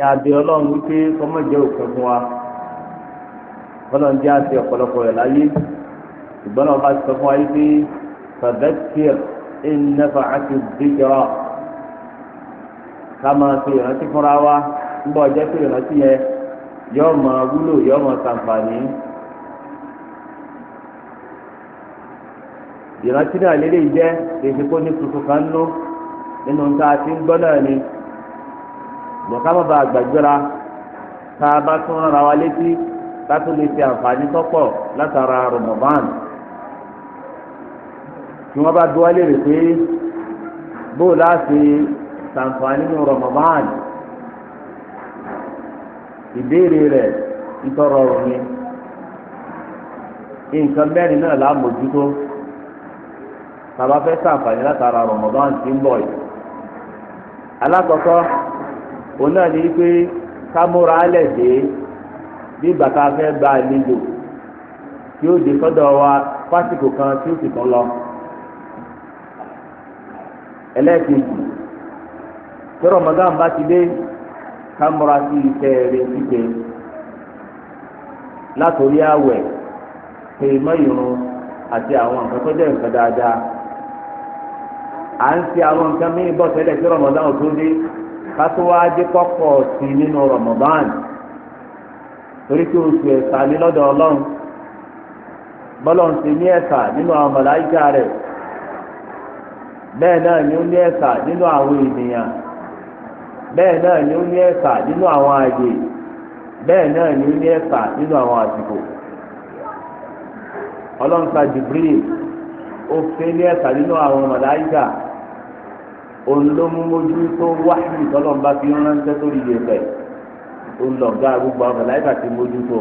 ní abẹ ọlọ́run wípé kọ́mọ̀jẹ́ òpin fún wa ọlọ́run jẹ́ àti ọ̀pọ̀lọpọ̀ rẹ̀ láyé ìgbọ́n náà bá ti sọ fún wa wípé fàbẹ́tìr ìnẹ́fà àti bíjọ́ ká máa fi ìrántí fúnra wa nígbà ọjọ́ pé ìrántí yẹn yọ́ọ́ máa wúlò yọ́ọ́ máa ṣàǹfààní. ìrántí náà lélẹ́yìí jẹ́ èsì kó ní tuntun kan nú nínú nǹkan àti ń gbọ́ náà ni ìjọba bàbá àgbàjọra tá a bá tún rárá wa létí ká tó lè fi àǹfààní tọ́pọ̀ látara Ramadan tí wọ́n bá dúwá lérè pé bóò láti ṣàǹfààní ní Ramadan ìbéèrè rẹ̀ ìtọ́rọ̀ ọ̀rọ̀ ni nǹkan mẹ́rin náà là ń mójútó tàbá fẹ́ ṣàǹfààní látara Ramadan tí ń bọ̀ yìí alákọ̀ọ́kọ́. òun náà ní pé kámúra alẹ̀ dé bí bàtà fẹ́ gba àlejò tí ó wa fásitì kan tí ó sì tún lọ. ẹlẹ́ẹ̀kejì tí rọmọdán bá ti dé kámúra sí iṣẹ́ rẹ̀ síte látòrí àwẹ̀ pé mọ́ ìrun àti àwọn nǹkan tó jẹ́ nǹkan dáadáa à ń ṣe àwọn nǹkan mí bọ́ sẹ́lẹ̀ kátó wá si n'inu sí nínú Ramadan torí pé oṣù ẹ̀sà ní ọlọ́run bọ́lọ́run ti ní ẹ̀sà nínú àwọn rẹ̀ bẹ́ẹ̀ náà ni ó ní ẹ̀sà nínú àwọn ènìyàn bẹ́ẹ̀ náà ni ó ní ẹ̀sà nínú àwọn àyè bẹ́ẹ̀ náà ni ó ní ẹ̀sà nínú àwọn àsìkò ọlọ́run ta Jibril ó fi olómúmójú tó wáyé tọ́lọ́mbà fi ránṣẹ́ tó lè fẹ́ olùlọ́gá gbogbo àwọn ọ̀gáláìfà ti mójú tó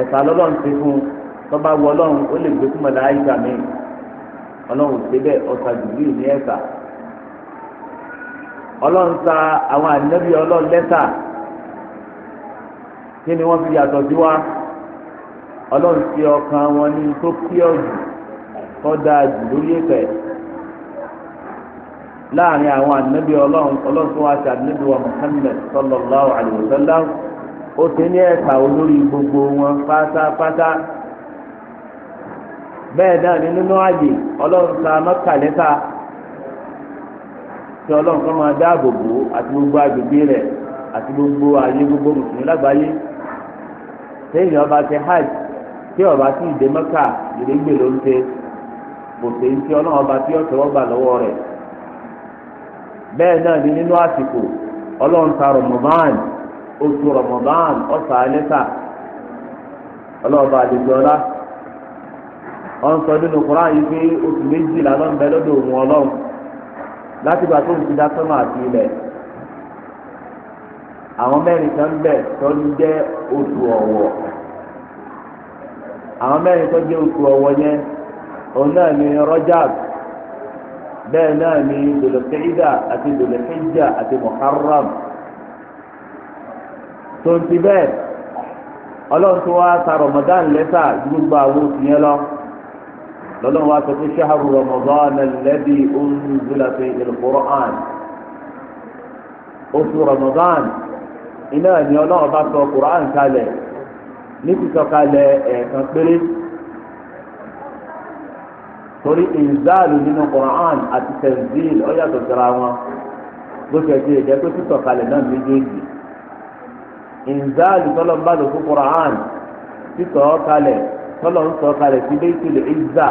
ẹ̀ka lọ́lọ́run ti fún tọ́ba wọ ọlọ́run ó lè gbé fún mọ̀láyíkà mi ọlọ́run ṣe bẹ́ẹ̀ ọ̀sà jùlọ ní ẹ̀ka ọlọ́run sa àwọn ànábì ọlọ́run lẹ́tà kí ni wọ́n fi yàtọ̀ sí wa ọlọ́run ṣe ọkàn wọn ní tó kí ọ̀jù kọ́ dáa jù lórí ẹ̀fẹ̀. láàrin àwọn ànábì ọlọ́run ọlọ́run tó wá sí ànábì wa Muhammad sallallahu alayhi wa sallam ó ti ní gbogbo wọn pátápátá bẹ́ẹ̀ náà ni nínú ààyè ọlọ́run ta mọ́kà tí ọlọ́run kan máa dáàbò bò àti gbogbo agbègbè rẹ̀ àti gbogbo ààyè gbogbo mùsùlùmí lágbàáyé téèyàn ọba ti hajj tí ọba ti ìdè mọ́kà ló ń ṣe kò sí ní tí ọlọ́run ọba tí bẹ́ẹ̀ náà ni nínú àsìkò ọlọ́run ta rọmọdán oṣù rọmọdán ọ̀sà ẹlẹ́sà ọlọ́ọ̀bà àdìgbọ́lá wọ́n sọ nínú kúrán yìí pé oṣù méjìlá ló bẹ lọ́dọ̀ òun ọlọ́run láti gbà tó ń ti dá ilẹ̀ àwọn mẹ́rin kan ń bẹ tó otu jẹ́ oṣù ọ̀wọ̀ àwọn mẹ́rin tó jẹ́ oṣù ọ̀wọ̀ yẹn òun náà ni rọ́jàbù. bẹ́ẹ̀ náà ni dòlòkèjìdá àti dòlòkèjìdá àti muharram tó ń ti bẹ́ẹ̀ ọlọ́run tó wá sa ramadan lẹ́sà gbogbo àwọn oṣù yẹn lọ lọ́lọ́run wá sọ pé ṣáàrù ramadan alladhi unzila fihi al oṣù ramadan iná ni ọlọ́run bá sọ Qur'an kalẹ̀ ní sísọ ẹ̀ẹ̀kan péré. torí ìzáàlù nínú Qur'an àti tẹ̀síìl ó síra wọn bó ṣe ti ìjẹ́ pé títọ̀kalẹ̀ náà méjèèjì ìzáàlù tọ́lọ̀ ń bá lò fún Qur'an títọ̀kalẹ̀ tọ́lọ̀ ń sọ̀kalẹ̀ sí Baytul Izza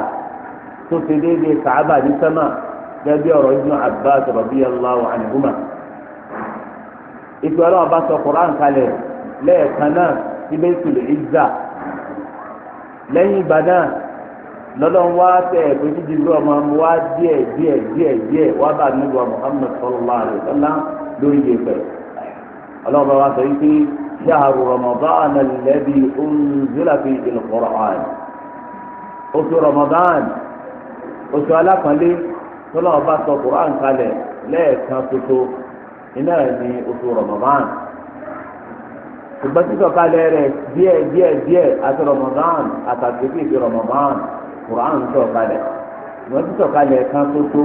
tó ṣe déédéé Kàábà ní sẹ́mà gẹ́gẹ́ bí ọ̀rọ̀ Ibn Abbas radiyallahu anhuma ìfẹ́ ọlọ́run bá sọ Qur'an kalẹ̀ lẹ́ẹ̀kan náà sí lẹ́yìn ìgbà lọ́dọ̀ wá tẹ̀ ẹ̀kọ́ jíjí lọ́wọ́ máa mú wá díẹ̀ díẹ̀ díẹ̀ díẹ̀ wá bá nílùú wa Muhammad sallallahu alayhi wa sallam lórí ìgbẹ́. ọlọ́run bá wa sọ yìí pé ṣáàrù Ramadan alladhi unzila fihi al-Qur'an. oṣù Ramadan oṣù alákànlé tọ́lọ́ bá sọ Qur'an kalẹ̀ lẹ́ẹ̀kan tuntun iná ẹ̀ ní oṣù Ramadan. ṣùgbọ́n títọ́ kalẹ̀ rẹ̀ díẹ̀ díẹ̀ díẹ̀ àti Ramadan àtàkùn Kùránì ń sọ̀kalẹ̀ wọ́n ti sọ̀kalẹ̀ kan tó tó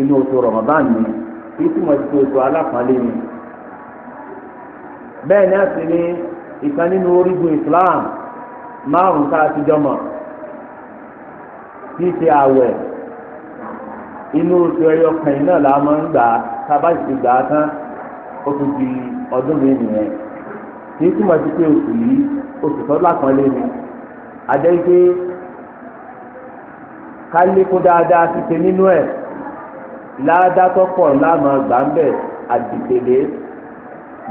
inú oṣù Ramadan ni ìtumọ̀ ti oṣù alápàlẹ́ bẹ́ẹ̀ ni a sì ní ìkan nínú Islam a ti jọmọ̀ kí ṣe àwẹ̀ inú oṣù la máa ń gbà gbà tán ó tún di ọdún mi nìyẹn kì í túmọ̀ sí pé oṣù oṣù tó ká lékún dáadáa títẹ nínú ẹ̀ ládàtọ̀pọ̀ láàmú gbàǹbẹ̀ àdìgbèlè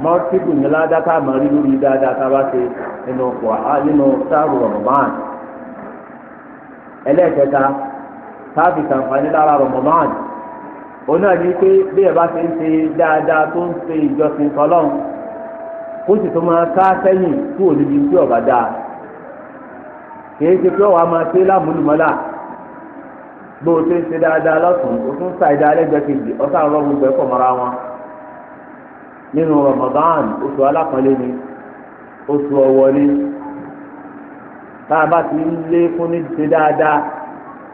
mọ́tíbù ní ládàtà máa rí lórí dáadáa tá a bá ṣe nínú ọ̀pọ̀ nínú sáàrù rọ̀mọ́mán ẹlẹ́ẹ̀kẹta táàbì sàǹfààní lára rọ̀mọ́mán òun náà ní pé bí ẹ bá ṣe ń ṣe dáadáa tó ń ṣe ìjọsìn kọlọ́n kó sì tó máa ká sẹ́yìn kú òdìdí tí ọ̀bà dáa kì í ṣe pé ọ̀wá máa ṣe lámúlùmọ́lá. bó o ṣe ń ṣe dáadáa lọ́sùn o tún sa dáa lẹ́gbẹ̀ẹ́ kejì ọ̀sán àwọn ọmọ pọ̀ mọ́ra wọn nínú Ramadan oṣù ni oṣù ọ̀wọ̀ ni tá a bá ti ń lé fún ní ṣe dáadáa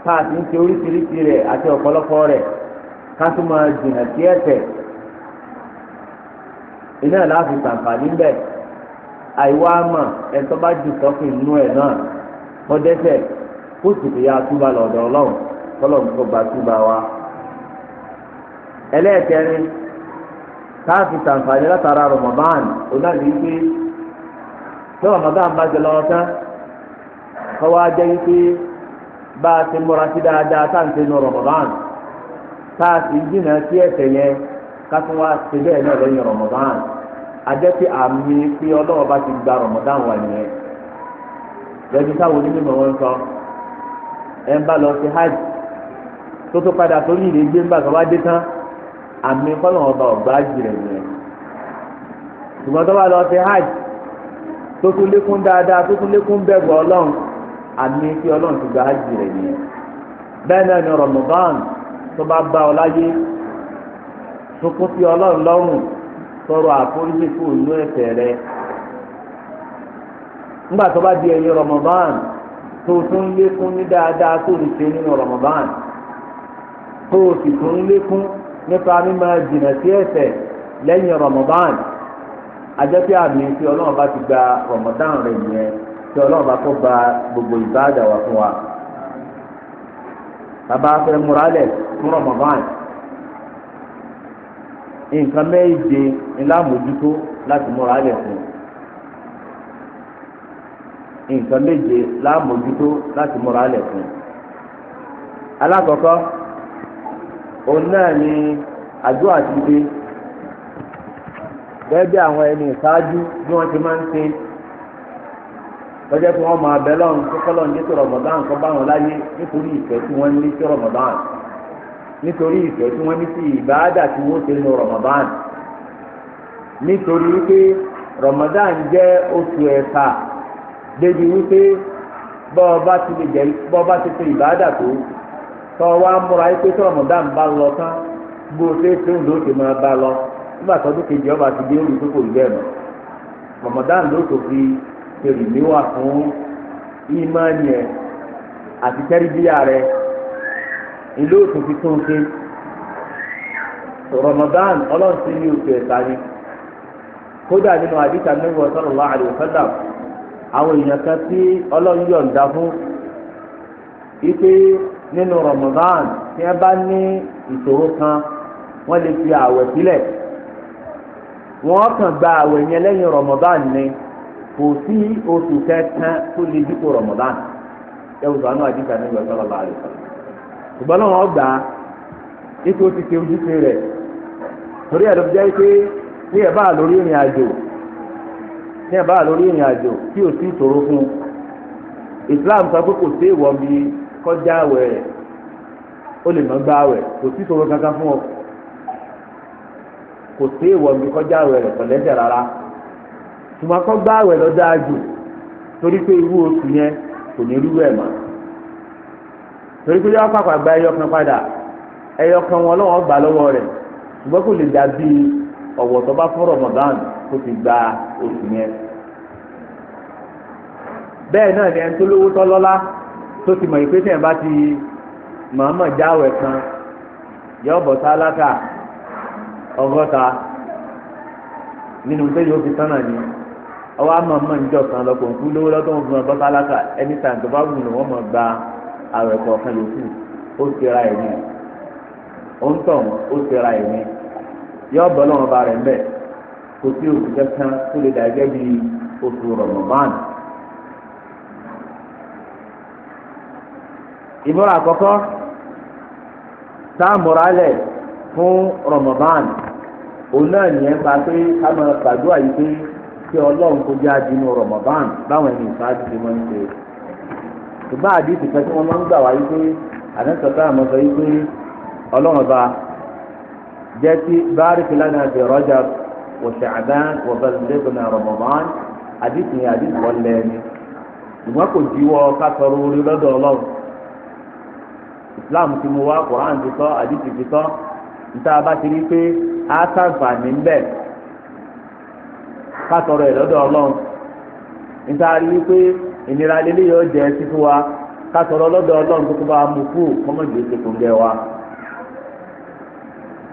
tá a ti ń ṣe oríṣiríṣi rẹ̀ àti ọ̀pọ̀lọpọ̀ rẹ̀ ká tún máa jìnnà sí ẹ̀ṣẹ̀ iná láti àìwá àmà ẹ̀tọ́ bá jù kọ́lọ̀ ń kó gbàtúbà wa. ẹlẹ́ẹ̀kẹrin káàfi tàǹfààní látara Ramadan onáàlú wípé tí Ramadan bá jẹ lọ́wọ́ tán kọ́wá jẹ́ wípé bá a ti múra sí dáadáa tá à ń tẹnu Ramadan tá a jìnnà sí ẹ̀ṣẹ̀ yẹn ká tún bẹ́ẹ̀ náà lẹ́yìn pé ọlọ́wọ́ bá ti gba wà nìyẹn lẹ́yìn táwọn onímọ̀ wọn sọ ẹ̀ ń bá lọ sí hajj. tó tó padà tó yìí lè gbé nígbà tó bá ọba ọ̀gbá jìrẹ̀ yẹn ṣùgbọ́n tó lọ sí hajj tó tún lékún dáadáa tó tún lékún bẹ̀rù ọlọ́run àmì ọlọ́run ti gba hajj rẹ̀ yẹn bẹ́ẹ̀ náà ni Ramadan tó bá bá ọ láyé sí ọlọ́run lọ́rùn àforíjì fún inú nígbà tó bá di tó kó o sì tún lékún nípa mímọ jìnnà sí ẹ̀ṣẹ̀ lẹ́yìn Ramadan ajẹ́pẹ́ àmì tí ọlọ́run bá ti gba Ramadan rẹ̀ yẹn tí ọlọ́run bá kó ba gbogbo ìbáàdà wá fún wa. bàbá fẹ́ múralẹ̀ fún Ramadan nǹkan méje ńlá mójútó láti fún nǹkan láti fún alákọ̀ọ́kọ́. òun náà ni àjọ àtìgbé gẹ́gẹ́ àwọn ẹni ìṣáájú bí wọ́n ti máa ń ṣe lọ́jọ́ pé wọ́n máa bẹ lọ́run kọ́kọ́lọ́ ní tí rọ̀mọ̀dán kọ́ bá láyé nítorí ìfẹ́ tí wọ́n ní sí rọ̀mọ̀dán nítorí ìfẹ́ tí wọ́n ní sí ìbáàdà tí wọ́n ṣe nu rọ̀mọ̀dán nítorí wípé rọ̀mọ̀dán jẹ́ oṣù ẹ̀ka débi wípé bọ́ọ̀ bá ti lè jẹ́ bọ́ọ̀ bá ti ṣe tó t'ọwa wa anyị kwesịrị pé sọ̀rọ̀ mọ̀dá ń bá lọ tán bó o ṣe ti lọ nígbà tó tó kejì ọba ti kò fi fún ìmánì ẹ̀ àti tẹ́rìbíyà rẹ̀ ìlú òtún fi tún ṣe Ramadan ọlọ́run ní oṣù ni kódà nínú àdìsá àwọn èèyàn kan tí ọlọ́run da fún nínú Ramadan tí wọ́n bá ní ìṣòro kan wọ́n lè fi àwẹ̀ sílẹ̀ wọ́n kàn gba àwẹ̀ yẹn lẹ́yìn Ramadan ni kò sí oṣù kẹta tó lè dípò Ramadan ẹ̀wù sànú àdìsá ní ìgbà sọ́lá báyìí ṣùgbọ́n náà wọ́n gbà á ètò ti ṣe ojúṣe rẹ̀ torí ẹ̀rọ jẹ́ pé ní ẹ̀ bá lórí ìrìn àjò ní ẹ̀ bá lórí ìrìn àjò tí ò sí ìṣòro fún Islam sọ pé kò sí ìwọ́n bíi. kọjá àwẹ̀ rẹ̀ ó lè má gba àwẹ̀ kò kankan fún ọ kò sí ìwọ̀ mi kọjá àwẹ̀ rẹ̀ rárá ṣùgbọ́n gba àwẹ̀ lọ dáa jù torí pé irú oṣù yẹn kò ní irú ẹ̀ mọ́ torí yọ pàpà gba ẹyọ kan padà ẹyọ kan wọn lọ́wọ́ gbà lọ́wọ́ rẹ̀ ṣùgbọ́n kò lè dà bíi ọ̀wọ̀ tó bá gba oṣù yẹn bẹ́ẹ̀ náà ni ẹni tó lówó tó ti mọ̀ ìpè tẹ̀ bá ti màmá jáwẹ̀ kan yọ bọ̀ sálákà ọgọ́ta nínú tó yóò fi tán náà ni ọwọ́ àmọ́ mọ̀ níjọ kan lọ kòǹkú lówó lọ́tọ́ wọn fún ọ bọ́ sálákà ẹni tàn tó bá wù ní wọ́n mọ̀ gba àwẹ̀ kọ̀ọ̀kan yòókù ó ti ra ẹ̀mí ó ń tàn ó ti ra ẹ̀mí yọ bọ̀ lọ́wọ́ ba rẹ̀ ń bẹ̀ kò sí òkú kẹsàn tó lè dà gẹ́gẹ́ bí oṣù rọ̀mọ̀mọ́ọ̀nù. ìmúra àkọ́kọ́ tá a morale lẹ̀ fún onye òun náà nìyẹn pa pé ká máa gbàdúrà yìí pé kí ọlọ́run kó já di inú báwọn ẹni ìfàdí ti máa ń ṣe ṣùgbọ́n àdìsí kan tí wọ́n máa ń gbà wáyé pé àdánsọ̀tà àmọ́ sọ yìí pé ọlọ́run ọba jẹ́ kí kò jíwọ́ ká sọ̀rọ̀ orí lọ́dọ̀ ọlọ́run Láàmù tí mo wá Quran ti tọ́ àdìsí ti tọ́ níta bá ti rí pé a sàǹfààní ńbẹ ká ẹ̀ lọ́dọ̀ níta rí pé ìnira lílé yóò jẹ́ títú wa bá mú ó ti kún wa.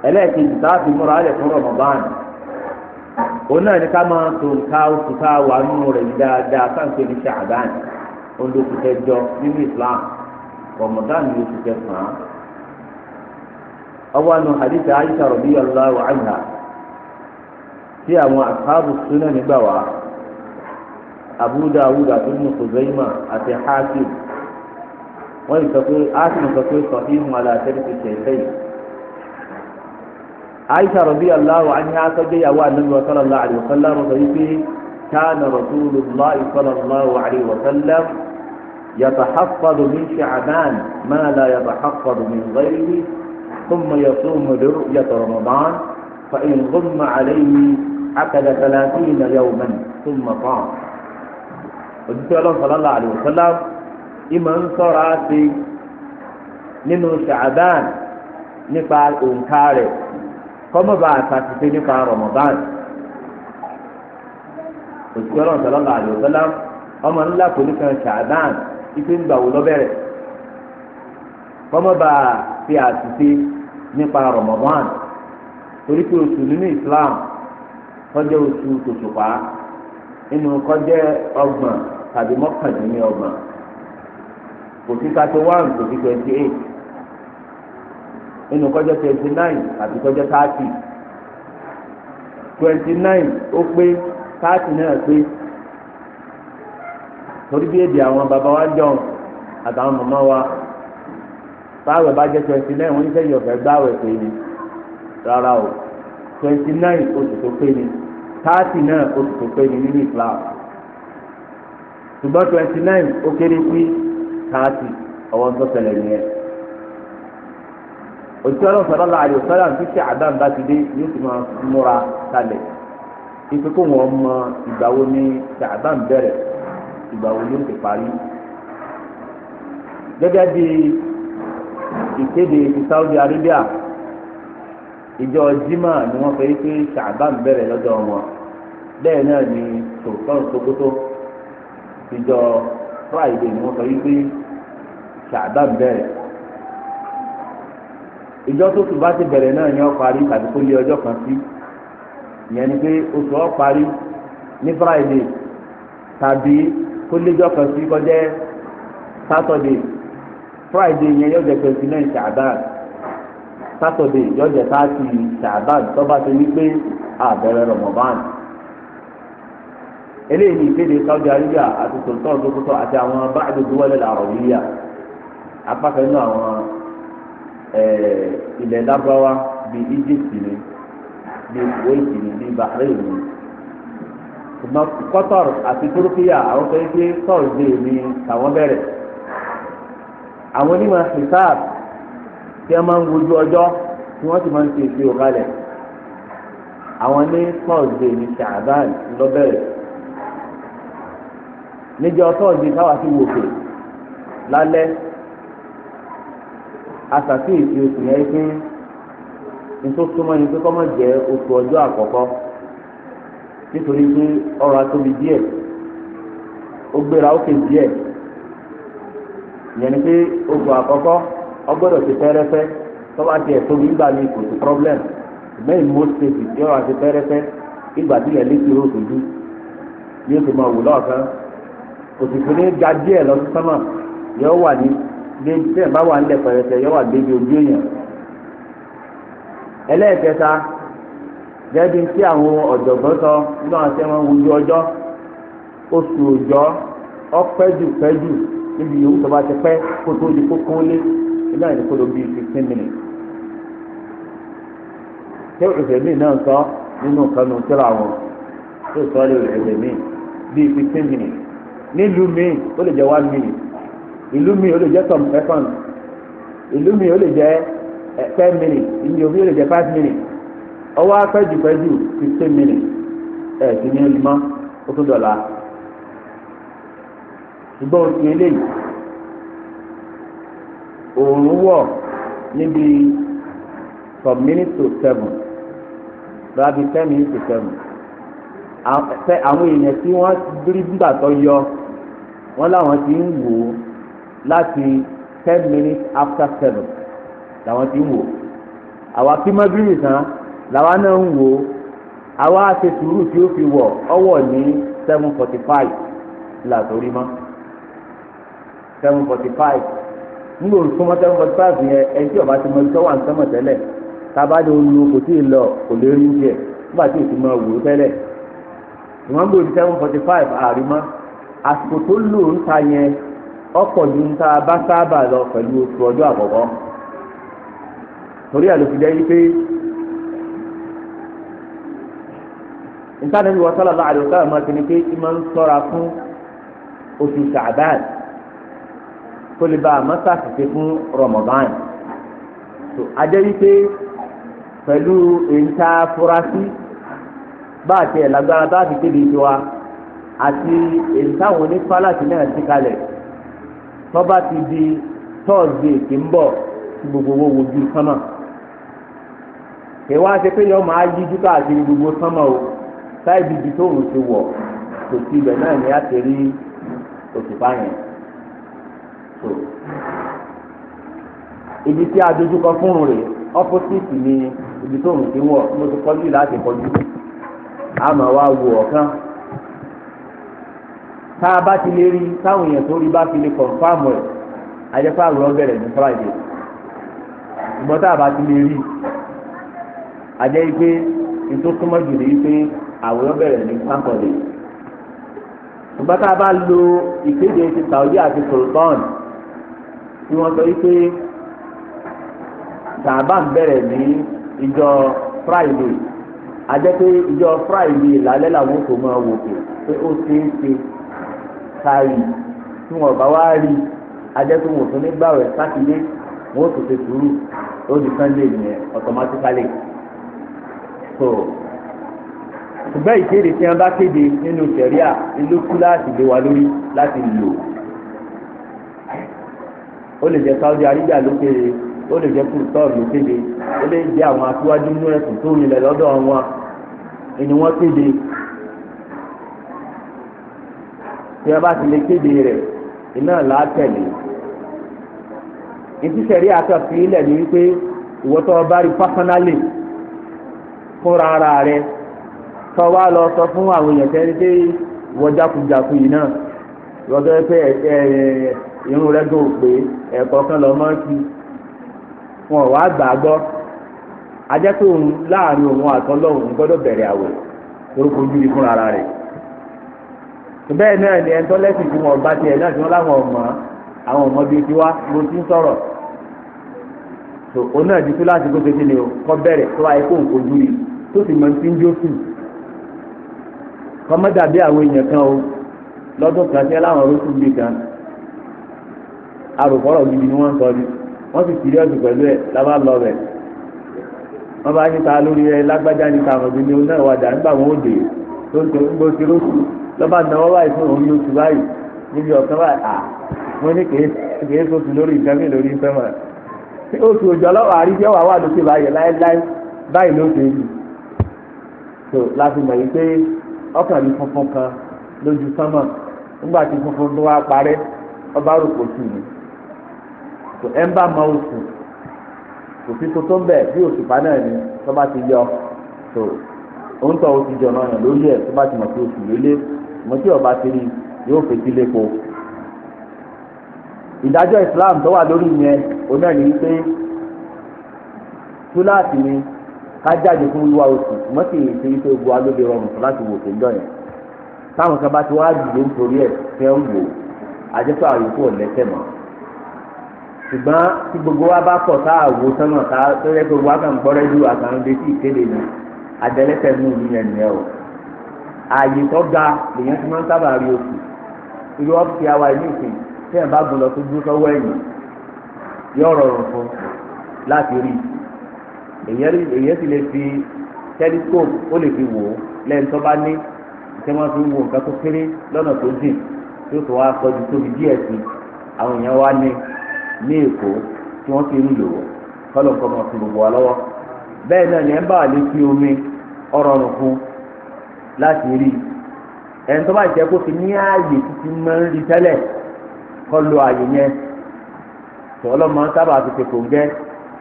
ẹlẹ́ẹ̀kejì táàbì múra á fún Ramadan tó nǹka wà nínú rọmọdán ní oṣù kẹsàn-án ọwọ́ àánú hadith aisha radiyallahu anha tí àwọn àkáàbù súnà nígbà wá abu dawud àti ibn khuzaima àti hakim wọ́n yìí sọ pé hakim sọ pé sọ fíìmù aláṣẹ́rìsì kẹ̀kẹ́ yìí aisha radiyallahu anha sọ́jọ́ ìyàwó ànábi wa sallallahu alayhi wa sallam sọ yìí pé kánà rasulullah sallallahu alayhi wa sallam. يتحفظ من شعبان ما لا يتحفظ من غيره ثم يصوم لرؤية رمضان فإن غم عليه أكل ثلاثين يوما ثم قام وجدت الله صلى الله عليه وسلم إمن صراتي من شعبان نفال أنكاره كما بعثت في نفال رمضان وجدت الله صلى الله عليه وسلم ومن لا لك شعبان ìpè ń gbà wò lọ́bẹ̀rẹ̀ kọ́mọ́bà fi àtúnṣe nípa Ramadan torí pé oṣù nínú Islam kọjá oṣù tòṣùpá nínú kọjá ọgbọ̀n tàbí mọ́kàndínlẹ́ọgbọ̀n kò sí thirty one kò twenty eight nínú kọjá twenty nine àti kọjá thirty twenty nine ó pé thirty náà pé. torí bí èdè àwọn bàbá wa jọ àtàwọn màmá wa báwẹ̀ bá jẹ́ twenty nine wọ́n nífẹ̀ẹ́ yọ̀fẹ́ gbáwẹ̀ pé ni rárá o twenty nine oṣù tó pé ni thirty náà oṣù tó pé ni nínú Islam ṣùgbọ́n twenty nine ó kéré sí thirty ọwọ́ tó tẹ̀lé nìyẹn òtún ọlọ́run sọ̀rọ̀ la àyè sọ́dà tí ṣe àdá ń bá ti dé yóò ti máa múra kalẹ̀ ipe kó wọ́n mọ ìgbà wo ni ṣe bẹ̀rẹ̀ ìgbà wo ló ti parí. gẹ́gẹ́ bí ìkéde ti Saudi Arabia ìjọ jimá ni wọ́n fẹ́ pé ṣàbá ń bẹ̀rẹ̀ lọ́dọ̀ wọn bẹ́ẹ̀ náà ni Sultan Sokoto ìjọ Friday ni wọ́n fẹ́ pé ṣàbá ń bẹ̀rẹ̀ ìjọ tó tù bá ti bẹ̀rẹ̀ náà ni ó parí tàbí kó lé ọjọ́ kan sí ìyẹn ni pé oṣù ó parí ní Friday tàbí kó léjọ́ kan sí kọjá sátọ̀dé friday yẹn yọjẹ twenty nine ṣàbáàd sátọ̀dé yọjẹ thirty ṣàbáàd tọ́ba ti pé àbẹ̀rẹ̀ eléyìí ní ìkéde saudi arabia àti sultan lókòtò àti àwọn báàdì duwọlẹ̀ làrọ̀bíyà apákan nínú àwọn eh, ilẹ̀ lábáwá bíi egypt ni bíi kuwait ni bíi bahrain ni. ṣùgbọ́n kọ́tọ̀rù àti turukiya àwọn tó ń gbé tọ́ọ̀dé mi tàwọn bẹ̀rẹ̀ àwọn onímọ̀ hisab tí wọ́n máa ń wojú ọjọ́ tí wọ́n sì máa ń ṣe ìṣirò kalẹ̀ àwọn ní tọ́ọ̀dé mi ṣàbán lọ́bẹ̀rẹ̀ níjọ tọ́ọ̀dé táwa sì wòkè lálẹ́ asàtì ìṣirò sì yẹn pín ní tó súnmọ́ ní pé kọ́mọ̀ jẹ́ oṣù ọjọ́ àkọ́kọ́. nítorí pé ọrọ̀ atóbi díẹ̀ ó gbéra ókè díẹ̀ ìyẹn ni pé ogun àkọ́kọ́ ọgbọ́dọ̀ ti fẹ́rẹ́fẹ́ tọ́wọ́ àti ẹ̀tọ́ mi problem mẹ́rin most cases tí ọrọ̀ àti fẹ́rẹ́fẹ́ ìgbà tí ilẹ̀ létí ròó tójú bí ó ti máa wù lọ́ọ̀kan òsìkò ní ga díẹ̀ lọ sí sánmà yọ wà ní bẹ́ẹ̀ bá wà nílẹ̀ pẹ̀rẹ̀tẹ̀ yọ wà débi gẹ́gẹ́ bí àwọn ọ̀jọ̀gbọ́n sọ nígbà wọn tí wọ́n wojú ọjọ́ oṣù òjọ́ ọpẹ́jù pẹ́jù níbi yòówù tó bá ti pẹ́ kó tó di kókó lé nígbà yẹn kó ló bí fifteen minutes. ṣé òṣèlú náà sọ nínú kanu tíra wọn tó sọ lé òṣèlú bíi fifteen minutes nílùú mi ó lè jẹ́ one minute ìlú mi ó lè jẹ́ some seconds ìlú mi ó lè jẹ́ eh, ten minutes ìlú mi ó lè jẹ́ five minutes ọwọ́ afẹ́jùfẹ́jù fifteen minutes ẹ̀ sì ní olùmọ́ ó tún dọ̀la ṣùgbọ́n oṣù eléyìí òòrùn wọ̀ níbi from minute to seven rabi ten minutes to seven àwọn èèyàn tí wọ́n rí nígbà tó yọ wọ́n láwọn ti ń wò ó láti ten minutes after seven làwọn ti ń wò àwa kí mọ́bírì tán làwa náà ń wò ó àwa ṣe sùúrù tí ó fi wọ̀ ọwọ́ ní seven forty five là torí mọ́ seven forty five nígbà òun súnmọ́ seven forty five yẹn ẹni tí ọba ti mọ ìtọ́wà ń sẹ́mọ̀ tẹ́lẹ̀ tábàdé olú kò tí ì lọ kò lè rí oúnjẹ nígbà tí èsì máa wò ó tẹ́lẹ̀ ìwọ́n bò seven forty five àrímọ́ àsìkò tó lò ń ta yẹn ọkọ̀ ju ń ta bá sábà lọ pẹ̀lú oṣù ọjọ́ àkọ́kọ́ torí àlòfin yí pé nta nabi wa sallallahu alayhi wa sallam ma tẹni pé ima ń ṣọ́ra fún oṣù sàbáàn kó lè ba àmọ́sá tètè fún rọmọbán tó adé wípé pẹ̀lú ìta furasí bá a ti ẹ̀ lágbára bá a fi kéde ìjọ wa àti ìtàwọn onífàlàtì náà ti kalẹ̀ tọ́ba ti di tọ́ọ̀sì èké ń bọ̀ tí gbogbo owó wojú sánmà kí wọ́n á ṣe pé yọ máa yíjú káàkiri gbogbo sánmà o sáìdì ibi tóun ti wọ̀ kò sí ibẹ̀ náà ni a ti rí òṣùpá yẹn so ibi tí a dojúkọ fún rè ọ́pọ́sìtì ni ibi tóun ti wọ̀ mo ti kọjú láti kọjú àmọ́ wa wo ọ̀kan tá a bá ti lè rí táwọn èèyàn tó rí bá fi lè kọ̀ǹfàmù ẹ̀ ajẹ́pẹ́ àwòrán bẹ̀rẹ̀ ní friday ìgbọ́n tá a bá ti lè rí ajẹ́ pé ètò súnmọ́ jù ní àwòrán bẹ̀rẹ̀ ní pápọ̀lì. ṣùgbọ́n tá a bá lo ìkéde ti Saudi àti Sultan tí wọ́n sọ wípé sàbá ń bẹ̀rẹ̀ ní ìjọ Friday ajẹ́ pé ìjọ Friday lálẹ́ làwọn kò máa wò pé pé ó ṣeé ṣe kárí tí wọn bá wá rí ajẹ́ pé wọn ò tún ní gbàwẹ̀ sátidé wọn ò tún ṣe sùúrù ó di Sunday nìyẹn automatically so ṣùgbọ́n ìkéde tí wọ́n bá kéde nínú sẹ̀ríà ló kú láti lé wa lórí láti lò ó lè jẹ́ Saudi Arabia ló kéde ó lè jẹ́ kúrútọ́ọ̀ ló kéde ó lè jẹ́ àwọn aṣíwájú inú ẹ̀sùn tó rinlẹ̀ lọ́dọ̀ wọn ni wọ́n kéde tí wọ́n bá ti lè kéde rẹ̀ iná látẹ̀lé ìtí sẹ̀rí àtọ̀fin ilẹ̀ ni wípé ìwọ́tọ̀ bá rí pásánálì fúnra ara rẹ̀ kọ́ wá lọ sọ fún àwọn èèyàn kẹrin pé wọ́n jákujàku yìí náà lọ́jọ́ pé irun rẹ̀ gò pé ẹ̀kọ́ kan lọ mọ́ sí wọn wá gbà gbọ́ ajẹ́ pé òun láàrin òun àtọ́lọ́hún gbọ́dọ̀ bẹ̀rẹ̀ àwẹ̀ orúkọ ojú ni fúnra rẹ̀ bẹ́ẹ̀ náà ni ẹ̀ńtọ́ lẹ́sìn tí wọ́n bá tiẹ̀ náà tí wọ́n láwọn ọmọ àwọn ọmọ bíi tiwa mo ti ń sọ̀rọ̀ tó òun náà di tó láti kó tètè ni o kọ́ bẹ̀rẹ̀ tó wáyé kó nǹkan ojú rí tó sì mọ ti ń jó sùn kọ́mọ́ dàbí àwọn èèyàn kan o lọ́dún kan tí ẹ láwọn orókù gbé kan arùkọ́rọ̀ gidi ni wọ́n sọ ni wọ́n sì kiri ọ̀sùn pẹ̀lú ẹ̀ lábá lọ rẹ̀ wọ́n bá níta lórí ẹ lágbájá níta àmọ̀bí ni oná ìwàdà nígbà wọn ò dé tó ń tẹ̀wé gbó tiró kù lọ́ba náwó báyìí fún òun yóò tù báyìí níbi ọ̀kan báyìí à mo ní kèé sóṣù lórí ìfẹ́ mi lórí ìfẹ́ mọ̀ tí oṣù òjò ọlọ́wọ́ àríjẹ́ wà wà lókè báyìí láéláé báyìí ló ṣe é ọkàn rí funfun kan lójú sánmà nígbà tí funfun tó wá parẹ́ ọba sí ni kò ẹ ma oṣù kò sí to tó ń bẹ bí òṣùpá náà ni tó ti yọ tó òun tọ́ oṣù jọ̀nà ọ̀nà lórí ẹ̀ tó bá ti mọ̀ sí oṣù lélẹ̀ ti rí Islam tó wà lórí yẹn onáà ní kájáde fún olúwa oṣù mọ́tì ìṣèyí tó gbọ́ alóde rọrùn fún láti wò séjọ́ yẹn táwọn kan bá ti wá dìde nítorí ẹ̀ fẹ́ ń wò àjẹsọ́ àyòkù ọ̀lẹ́sẹ̀ mọ́ ṣùgbọ́n tí gbogbo wa bá pọ̀ tá a wò sánà tá a tó yẹ kó wá kàn gbọ́ rẹ́díò àtàwọn létí ìkéde ni àdẹ́lẹ́sẹ̀ mú mi yẹn nìyẹn o ààyè tó ga lèyàn ti máa ń sábà rí oṣù irú ọ́fíìsì àwa ìlú ìsìn tí ẹ̀ bá gùn lọ tó dúró sọ́wọ́ ẹ̀yìn yóò rọrùn fún láti rí i èyàn ti lè fi telescope ó lè fi wò ó lẹ́yìn tó bá ní tí wọ́n fi ń wo nǹkan tó kéré lọ́nà tó dìn tí ó tó wá sọ́jú tóbi díẹ̀ sí àwọn èèyàn wá ní ní èkó tí wọ́n ti ń lò ó kọ́lọ̀ nǹkan mọ̀ sí gbogbo wa lọ́wọ́ bẹ́ẹ̀ náà yẹn bá lè fi omi ọ̀rọ̀ ọ̀rùn fún láti rí ẹni tó bá jẹ́ kó ti ní ààyè títí máa ń rí tẹ́lẹ̀ kọ́ lo ààyè yẹn tọ́lọ́ máa ń sábà fi ṣe ń gẹ́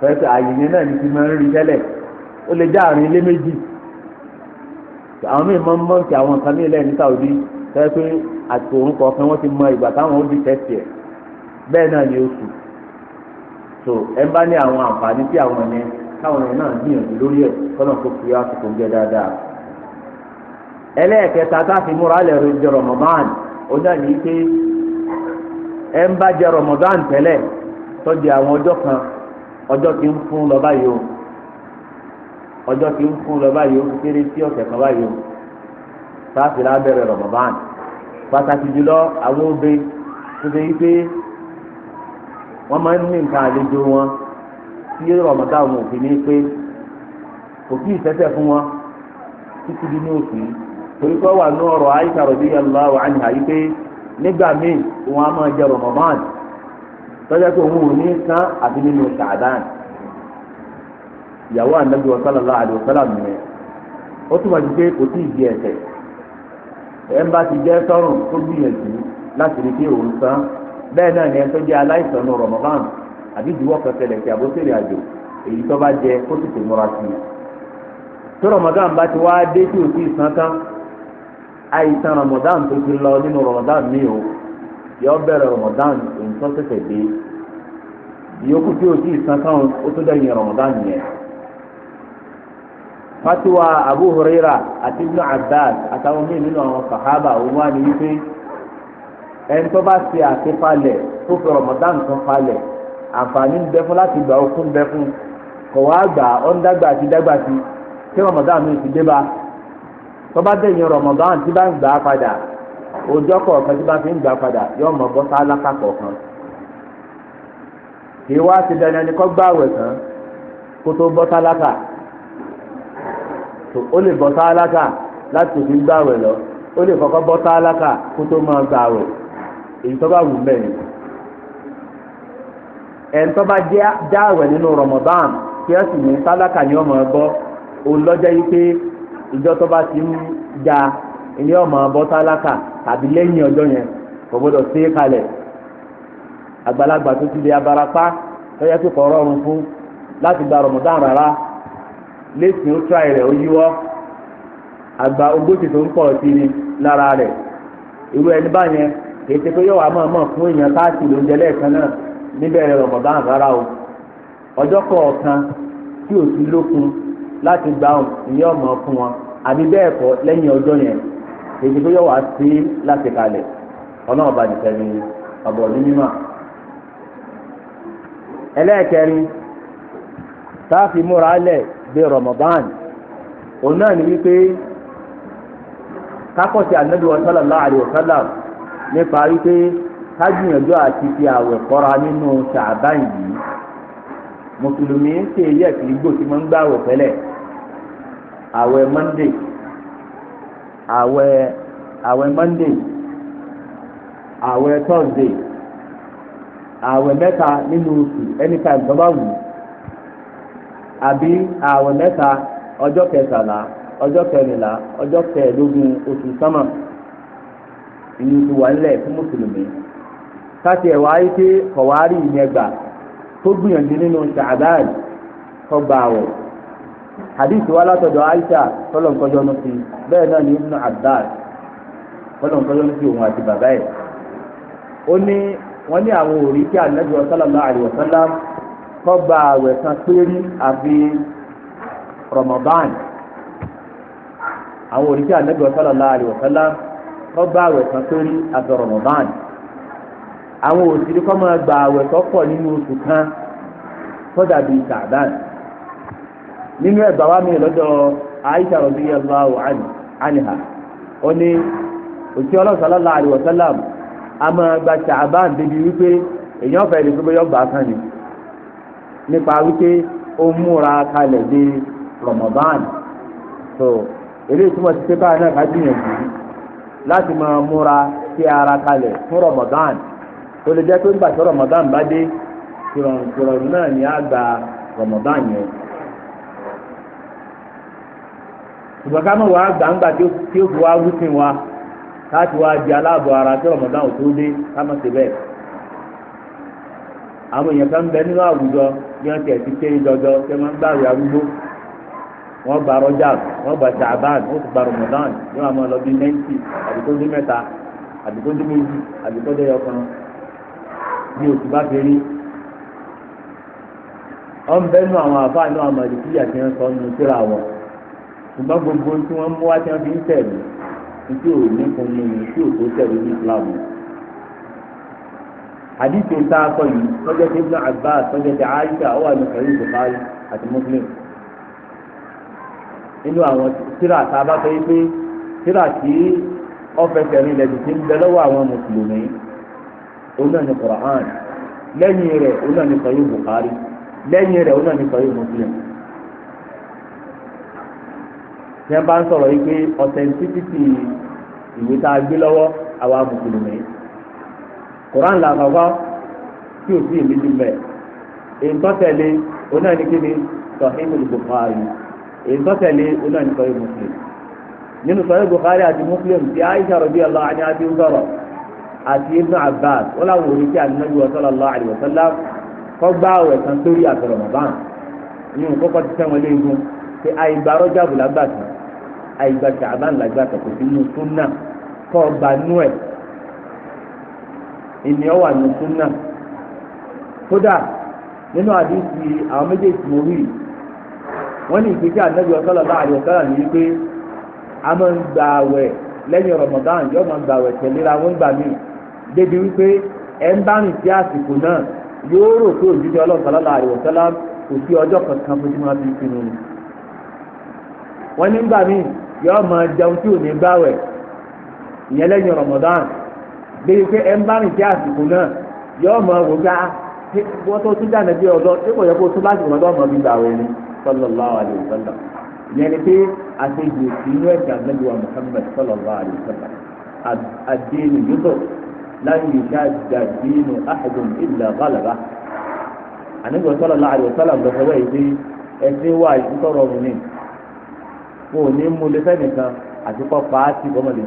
fẹ́ẹ́ àyè náà ní ti máa ń rí tẹ́lẹ̀ ó lè dá àárín ilé méjì àwọn míì máa ń àwọn nǹkan míì ní Saudi fẹ́ẹ́ pé àtòrún kọ̀ọ̀kan wọ́n ti mọ ìgbà táwọn ó di tẹ́sì ẹ̀ bẹ́ẹ̀ náà ni ẹ bá ní àwọn àǹfààní àwọn káwọn náà gbìyànjú lórí ẹ̀ kọ́nà kó fi àsìkò jẹ dáadáa ẹlẹ́ẹ̀kẹta a fi múra jẹ ẹ ọjọ́ ti ń fún lọ báyìí o ọjọ́ ti ń fún lọ báyìí o kéré sí ọ̀sẹ̀ kan báyìí o sáàsì lábẹ́rẹ́ pàtàkì jùlọ àwọn ṣe wípé wọ́n máa ń ní nǹkan àlejò wọn tí Ramadan wọn ò fi ní pé kò kí fún wọn títí di ní òsì torí pé wà ní ọ̀rọ̀ Aisha radiyallahu anha wípé nígbà míì wọn á máa jẹ tọ́jà pé òun ní nínú ṣàdán ìyàwó ànábi sallallahu alaihi wasallam nìyẹn ó túmọ̀ sí pé kò tí ì di ẹ̀ ń bá ti jẹ́ tó gbìyànjú láti rí pé òun san bẹ́ẹ̀ náà ni ẹ jẹ́ aláìsàn ní àbí ìdíwọ́ àjò èyí tó bá jẹ kó tètè múra sí i tó Ramadan bá ti wá dé tí ò tí ì san tán àìsàn yọ bẹrẹ rọmọdán nǹkan tẹ̀sẹ̀ dé ìyókù tí o ti san kan ó tó rọmọdán yẹn fatiwa abu ati àti ibnu abbas àtàwọn míì nínú àwọn sàhábà òun wà ní wípé ẹni tó bá ṣe tó fi rọmọdán kan palẹ̀ àǹfààní bẹ fún láti gbà ó fún bẹ fún kò wá gbà ó ń ọjọ́ kọ̀ọ̀kan tí bá fi ń gbà padà yóò mọ̀ bọ́ sálákà kọ̀ọ̀kan kì í wá ti dandan ni kó gbààwẹ̀ tán kó tó bọ́ ó lè bọ́ láti òfin lọ ó lè kọ́kọ́ bọ́ sálákà kó tó máa gbààwẹ̀ èyí tó bá wù mẹ́rin ẹni tó bá dáwẹ̀ nínú Ramadan kí ẹ sì ní sálákà ni ọmọ ẹ bọ́ òun lọ́jọ́ yìí pé ti ń ilé ọmọ ọbọta tálákà tàbí lẹ́yìn ọjọ́ yẹn kò gbọdọ̀ sí é kalẹ̀ àgbàlagbà tó ti di abarapa tọ́jà tó kọ̀ rọrùn fún láti gba rọmọdán rárá lẹ́sìn ó tíráì rẹ̀ ó yíwọ́ àgbà ogójì tó ń sí ni lára rẹ irú ẹni báyẹn fún èèyàn èyí tó yọ wá láti kalẹ̀ ọlọ́run bá nìkan ni ọ̀bọ̀ ní mímọ́. ẹlẹ́ẹ̀kẹrin táàfin múra lẹ̀ bí Ramadan òun náà ni wípé kákọ̀sí ànábì wa sallallahu alaihi wa nípa wípé kájìyànjú àti fi àwẹ̀ kọ́ra nínú Ṣàbán yìí mùsùlùmí ń ṣe èyí ẹ̀kìlígbò tí wọ́n ń gbà wọ̀ àwẹ̀ àwẹ̀ àwẹ̀ monday thursday nínú oṣù anytime tó bá wù àbí àwẹ̀ mẹ́ta ọjọ́ kẹsànán ọjọ́ kẹrìnlá ọjọ́ kẹẹ̀ẹ́dógún oṣù sánmà ìlú ti wà nílẹ̀ fún mùsùlùmí káti ìyẹn gbà tó gbìyànjú nínú gba hadith wa látọ̀dọ̀ aisha tọ́lọ̀nkọ́jọ́ ló fi bẹ́ẹ̀ náà ní ibnu abbas tọ́lọ̀nkọ́jọ́ ló fi òun àti bàbá ẹ̀ ó ní wọ́n ní àwọn òrí kí anabi sallallahu alaihi wasallam kọ́ gba àwẹ̀ kan péré àfi ramadan àwọn òrí kí anabi sallallahu alaihi wasallam kọ́ gba àwẹ̀ kan péré àfi ramadan àwọn òsì kọ́ máa gba àwẹ̀ tó pọ̀ nínú oṣù kan tó dàbí sàdán. nínú ẹgbàá wa mi lọ́dọ̀ Aisha radiyallahu anha ó ní òtí ọlọ́sàlọ́lá àríwọ̀sálàm a máa gba ṣàbán débi wípé èèyàn fẹ́ lè gbégbé yọgbà kan ni nípa wípé ó múra kalẹ̀ dé Ramadan so eré ìtumọ̀ ti pé báyìí náà ká gbìyànjú láti máa múra sí ara kalẹ̀ fún Ramadan tó lè jẹ́ pé tí Ramadan bá dé náà ni a gba Ramadan yẹn. ṣùgbọ́n ká mọ̀ wá gbàǹgbà tí ó fi wá wúsìn wa láti wá di aláàbọ̀ ara tí ọ̀mọ̀dá ò tó dé ká mọ̀ sí bẹ́ẹ̀. àwọn èèyàn kan ń bẹ nínú àwùjọ bí wọ́n tiẹ̀ ti kéré jọjọ tí wọ́n ń gbàrú arúgbó wọ́n gba rọ́jà wọ́n gba ṣàbán wọ́n ti gba rọmọdán ní wọn máa lọ bí nẹ́ńtì àdìgbòdì mẹ́ta àdìgbòdì méjì àdìgbòdì ọkàn bí oṣù bá fi rí. ọ̀nbẹ́nu àwọn àfáà ní àwọn àmàlìkíyà ṣùgbọ́n gbogbo tí wọ́n mú wá tí wọ́n fi ń tẹ̀lé tí ò ní fún mi ní tí ò tó tẹ̀lé ní Islam. àdìsí tá a kọ yìí sọ́jọ́ tí Ibn Abbas sọ́jọ́ tí Aisha ó wà ní kẹrin Bukhari àti Muslim. nínú àwọn tíra tá a bá fẹ́ pé tíra tí ọ̀fẹ́sẹ̀ rìn lẹ́dí tí ń bẹ lọ́wọ́ àwọn mùsùlùmí òun ní Qur'an lẹ́yìn rẹ̀ òun ní sọ́yìn tí wọ́n bá ń sọ̀rọ̀ yìí pé authenticity ìwé tá a gbé lọ́wọ́ àwa mùsùlùmí koran là kọ́kọ́ tí ò sí èmi jùlọ ìtọ́tẹ̀lé onáníkíni Sahihul Bukhari ìtọ́tẹ̀lé onáníkọ́yé Muslim nínú Sahih Bukhari àti Muslim ti Aisha radiyallahu anha àti ọ̀sọ̀rọ̀ àti Ibn Abbas wọ́n làwọn òní kí Ànábì sallallahu alaihi wasallam pé àìgbà rọ́jàbù lágbàtà àìgbà ṣàbán lágbàtà kò sí inú súnà kọ́ ọgbà nú ẹ̀ ènìyàn wà nù súnà kódà nínú àdìsí àwọn méjèèjì mo rí wọ́n ní ìgbésí ànábi ọ̀sọ́lá bá àdìsí ọ̀sọ́lá ní wípé a máa ń gba àwẹ̀ lẹ́yìn Ramadan yóò máa ń gba àwẹ̀ tẹ̀léra wọ́n gbà mí débi wípé ẹ̀ ń bá rìn sí àsìkò náà yóò rò pé òjijì ọlọ́sọ̀lá àdìsí ọ̀sọ́lá kò sí ọjọ́ kankan fún tí wọ́n fi wọ́n nígbà míì yóò máa jẹun tí ò ní gbàwẹ̀ ìyẹn lẹ́yìn Ramadan bíi pé ẹ ń bá rìn sí àsìkò náà yóò máa wò gá ah, wọ́n tó tún dànù bí ọ̀dọ́ tí kò yẹ kó tún bá sùn lọ́dọ̀ ọmọ bíbá rẹ̀ ni sallallahu alaihi wasallam ìyẹn ni pé àtẹ̀jù sí inú ẹ̀jẹ̀ àgbẹ̀dùwà Muhammad sallallahu alaihi wasallam àdéhùn yóò láyé ìṣá dàdínù àhàdùn ìlà wọn ò ní mú lé fẹ́nìkan àti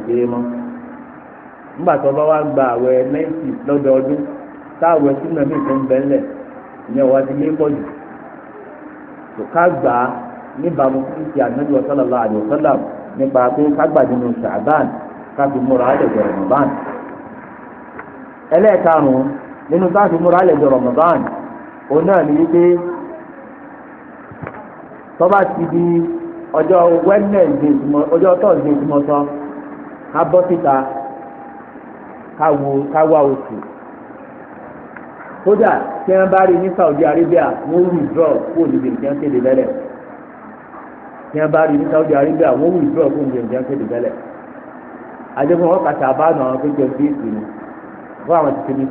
lè gba lọ́dọọdún ń ńlẹ̀ ìyẹn wá ti lé pọ̀jù ká gbà á níbàámu ti ànábì sallallahu alaihi wasallam nípa pé ká gbà nínú ṣàbán ká fi múra á lè jẹ Ramadan ẹlẹ́ẹ̀karùn-ún nínú ká fi múra á lè jẹ òun ọjọ́ Wednesday ọjọ́ Thursday tí mo sọ ká bọ́ síta ká wá oṣù kódà tí wọ́n bá rí ní Saudi Arabia wọ́n withdraw kó kéde tí wọ́n bá rí ní Saudi Arabia wọ́n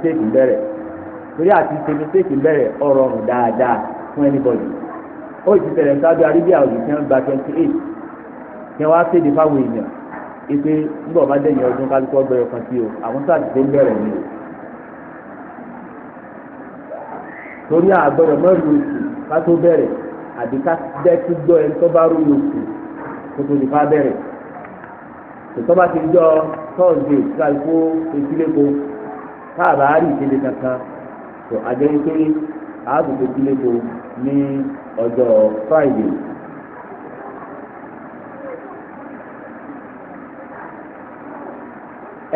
kó torí àti ṣe mistake ń bẹ̀rẹ̀ ọ̀rọ̀ dáadáa fún anybody. ó ti tẹ̀lé sáájú arábíà òdì tí wọ́n gba twenty eight kí wọ́n á kéde fáwọn èèyàn ipe ńgbọ̀ bá dẹ̀yìn ọdún kálukú ọgbẹ̀rẹ̀ kan sí o àwọn sáà ti tó ń bẹ̀rẹ̀ ni o. torí àgbọ̀dọ̀ mọ́rin oṣù ká tó bẹ̀rẹ̀ àbí ká dẹ́kú gbọ́ ẹni tó bá rú oṣù kó tó lè ká bẹ̀rẹ̀. tòtọ́ bá ti jọ tọ́ọ̀dé kálukú etíléko káàbà á rí ìkéde kankan tó àjẹ́ pé àádùgbò kílẹ̀kọ ní ọjọ́ Friday.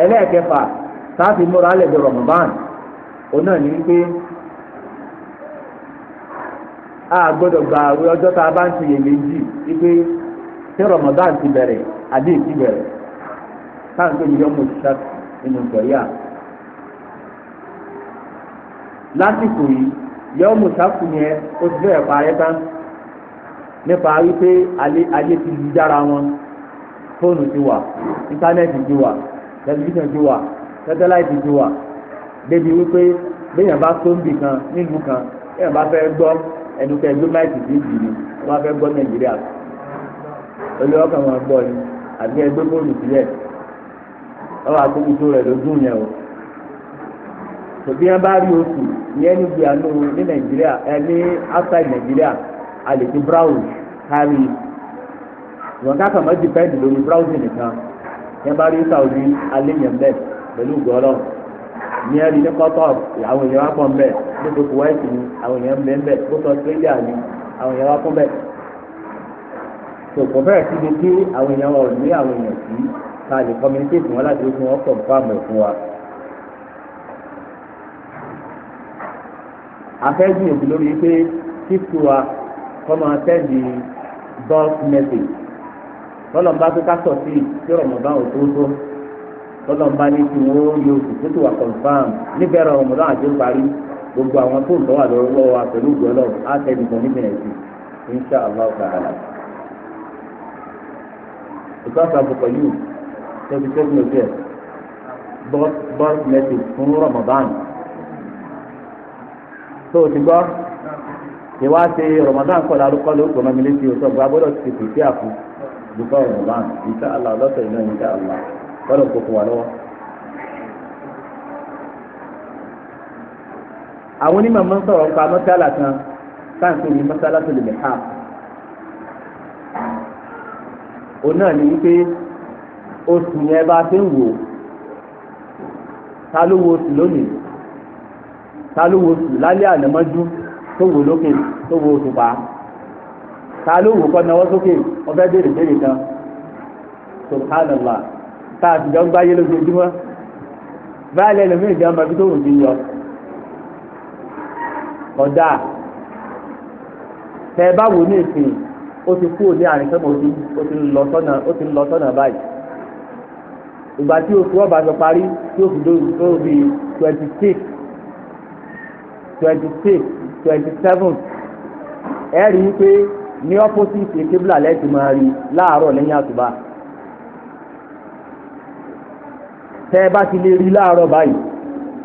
ẹlẹ́ẹ̀kẹfà sáàfin múra lẹ́dọ̀ Ramadan òun náà ní wípé a gbọ́dọ̀ gba àwọn ọjọ́ tá a bá ń ṣiyè méjì wípé ṣé ti bẹ̀rẹ̀ àbí èsì bẹ̀rẹ̀ káàkiri ni yọmọ ṣiṣẹ́ nínú ìgbọ̀yà lásìkò yọ mùsàkù yẹn ó ti bẹ́ẹ̀ parẹ́ tán nípa wípé ayé ti lu jára wọn fóònù ti wà íńtánẹ́ẹ̀tì ti wà tẹlifíṣàn ti wà sẹtẹláìtì ti wà débi wípé béèyàn bá sóńbì kan nílùú kan béèyàn bá fẹ́ gbọ́ ẹnu kẹ́ gbé máìkì sí ìjì ni wọ́n bá fẹ́ gbọ́ nàìjíríà olú ọkàn wọn gbọ́ ni àbí ẹgbẹ́ fóònù sílẹ̀ ọ wà kó kútó rẹ̀ lójú yẹn o tòbí wọn bá rí oṣù ní ẹni gbé àánú ní nàìjíríà ẹ ní outside nàìjíríà a lè fi browse kárí ìwọ̀n ká kàmá dìpẹ́ndì lórí brown nìkan yẹn bá rí saudi alẹ́yẹ̀mbẹ́ pẹ̀lú gọ́lọ́ ní ẹni ní kọ́tọ̀ àwọn èèyàn wá pọ̀ mbẹ́ ní gbogbo wáìtì ni àwọn èèyàn mbẹ́ mbẹ́ gbogbo australia ni àwọn èèyàn wá pọ̀ mbẹ́ tòkò bẹ́ẹ̀ síbi tí àwọn èèyàn wọ̀ ní àwọn èèyàn sí ká lè communicate wọn láti fi wọn kọ̀ fáàmù fún wa. afẹ́gbìn òbí lórí pé kíkú wa kọ́ máa tẹ́lẹ̀ bulk message tọ́lọ̀ ń bá tó tí Ramadan ò ní wọ́n confam àti gbogbo àwọn tó ń tọ́ wà lọ́wọ́ wa pẹ̀lú ìgbọ́lọ́ á kan níbi ẹ̀sìn insha allah ta'ala. ìtọ́sọ̀ àbùkọ̀ tẹ́bi tẹ́bi so ti gbọ́ ṣe wá ṣe Ramadan kọ́lá ló kọ́ ló létí o sọ gba gbọ́dọ̀ ti pèsè àfọ dùkọ́ Ramadan insha Allah lọ́sẹ̀ iná insha Allah kọ́lọ̀ kó fún wa lọ́wọ́. àwọn onímọ̀ mọ́ sọ̀rọ̀ nípa mọ́sálà kan ní mọ́sálà tó ha náà ní wípé oṣù yẹn bá ṣe ń wò wo oṣù ta ló wo sùn lálẹ́ ànámọ́jú tó wò lókè tó wo òṣùpá ta ló wò kọ́ náwó sókè ọfẹ́ béèrè béèrè kan subhanallah tá a ti jọ ń gbáyé lójoojúmọ́ báyìí lẹ́nu mí ìjọba ibi tó wù mí yọ ọ̀dà tẹ bá wò ní ìsìn ó ti kúrò ní àárín sọ́mọ́ ó ti lọ sọ́nà ó ti lọ sọ́nà báyìí ìgbà tí oṣù ọba sọ parí tí oṣù tó bí twenty six twenty six twenty seven ẹ rí i pé ní opposite kébìlà lẹ́sìn máa rí láàárọ̀ lẹ́yìn àsùbá tẹ́ ẹ bá ti lè rí láàárọ̀ báyìí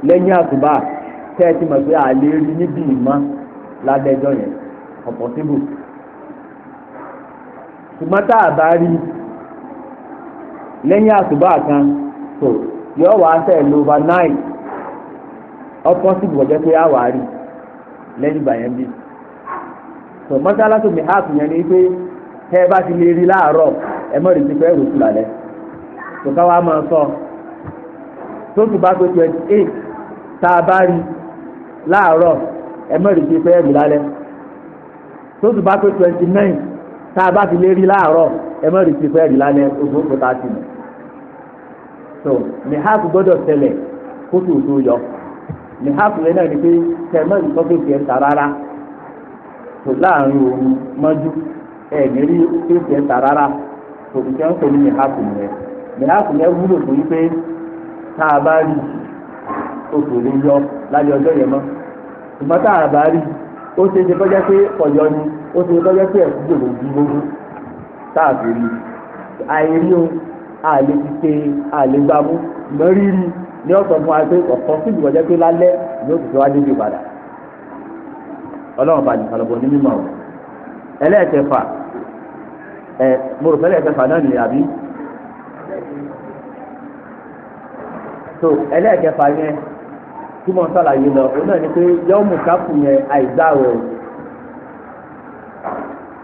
lẹ́yìn àsùbá tẹ́ ẹ ti mọ̀ pé àlè rí níbi ìmọ̀ lábẹ́jọ́ yẹn ọ̀pọ̀síbù ṣùgbọ́n tá a bá rí lẹ́yìn àsùbá kan tó yọ wá sẹ́ẹ̀ lóba nine opposite wọ̀jẹ́ pé àwárí lẹ́yìn ìgbà yẹn bí so mọ́sálásù mi app yẹn ni pé ẹ bá ti lè rí láàárọ̀ ẹ mọ̀ rí ti fẹ́ rò fúlà lẹ tó ká wá máa sọ tó tù bá pé twenty eight tá a bá rí láàárọ̀ ẹ mọ̀ rí ti fẹ́ rò lálẹ́ tó tù bá pé twenty nine tá a bá ti lè rí láàárọ̀ ẹ mọ̀ rí ti fẹ́ rò lálẹ́ ogún kò tá a ti mọ̀ so mi app gbọ́dọ̀ tẹ̀lé kó tó tó yọ ní hàpùlẹ̀ náà ni pé tẹ̀mọ́ ìtọ́ tó fi ẹ̀ ta rárá kò láàrin òru mọ́jú ẹ̀ ní rí tó fi ẹ̀ ta rárá kò sì fẹ́ ń pè ní ní hàpùlẹ̀ ní hàpùlẹ̀ wúlò fún yí pé tá a bá rí oṣù lè yọ lálẹ́ ọjọ́ yẹn mọ́ ṣùgbọ́n tá a bá rí ó ṣe ṣe kọjá pé ọ̀yọ́ ni ó ṣe kọjá pé ẹ̀kú gbòòrò ju lógún tá a fi rí àìrí o àlè ti ṣe àlè gbàmú mọ́rírì ní ọ̀sọ̀ fún wa pé ọ̀kan sí ìgbọ̀jẹ́ pé lálẹ́ ni ó ti fi wá débi padà ọlọ́run bá nìkan lọ́bọ̀ ní mímọ́ o ẹlẹ́ẹ̀kẹfà ẹ mo rò fẹ́lẹ́ ẹ̀kẹfà náà nìyà bí so ẹlẹ́ẹ̀kẹfà yẹn tí mo ń sàlàyé lọ òun náà ni pé yọ́ọ̀mù káfù yẹn àìdáwọ̀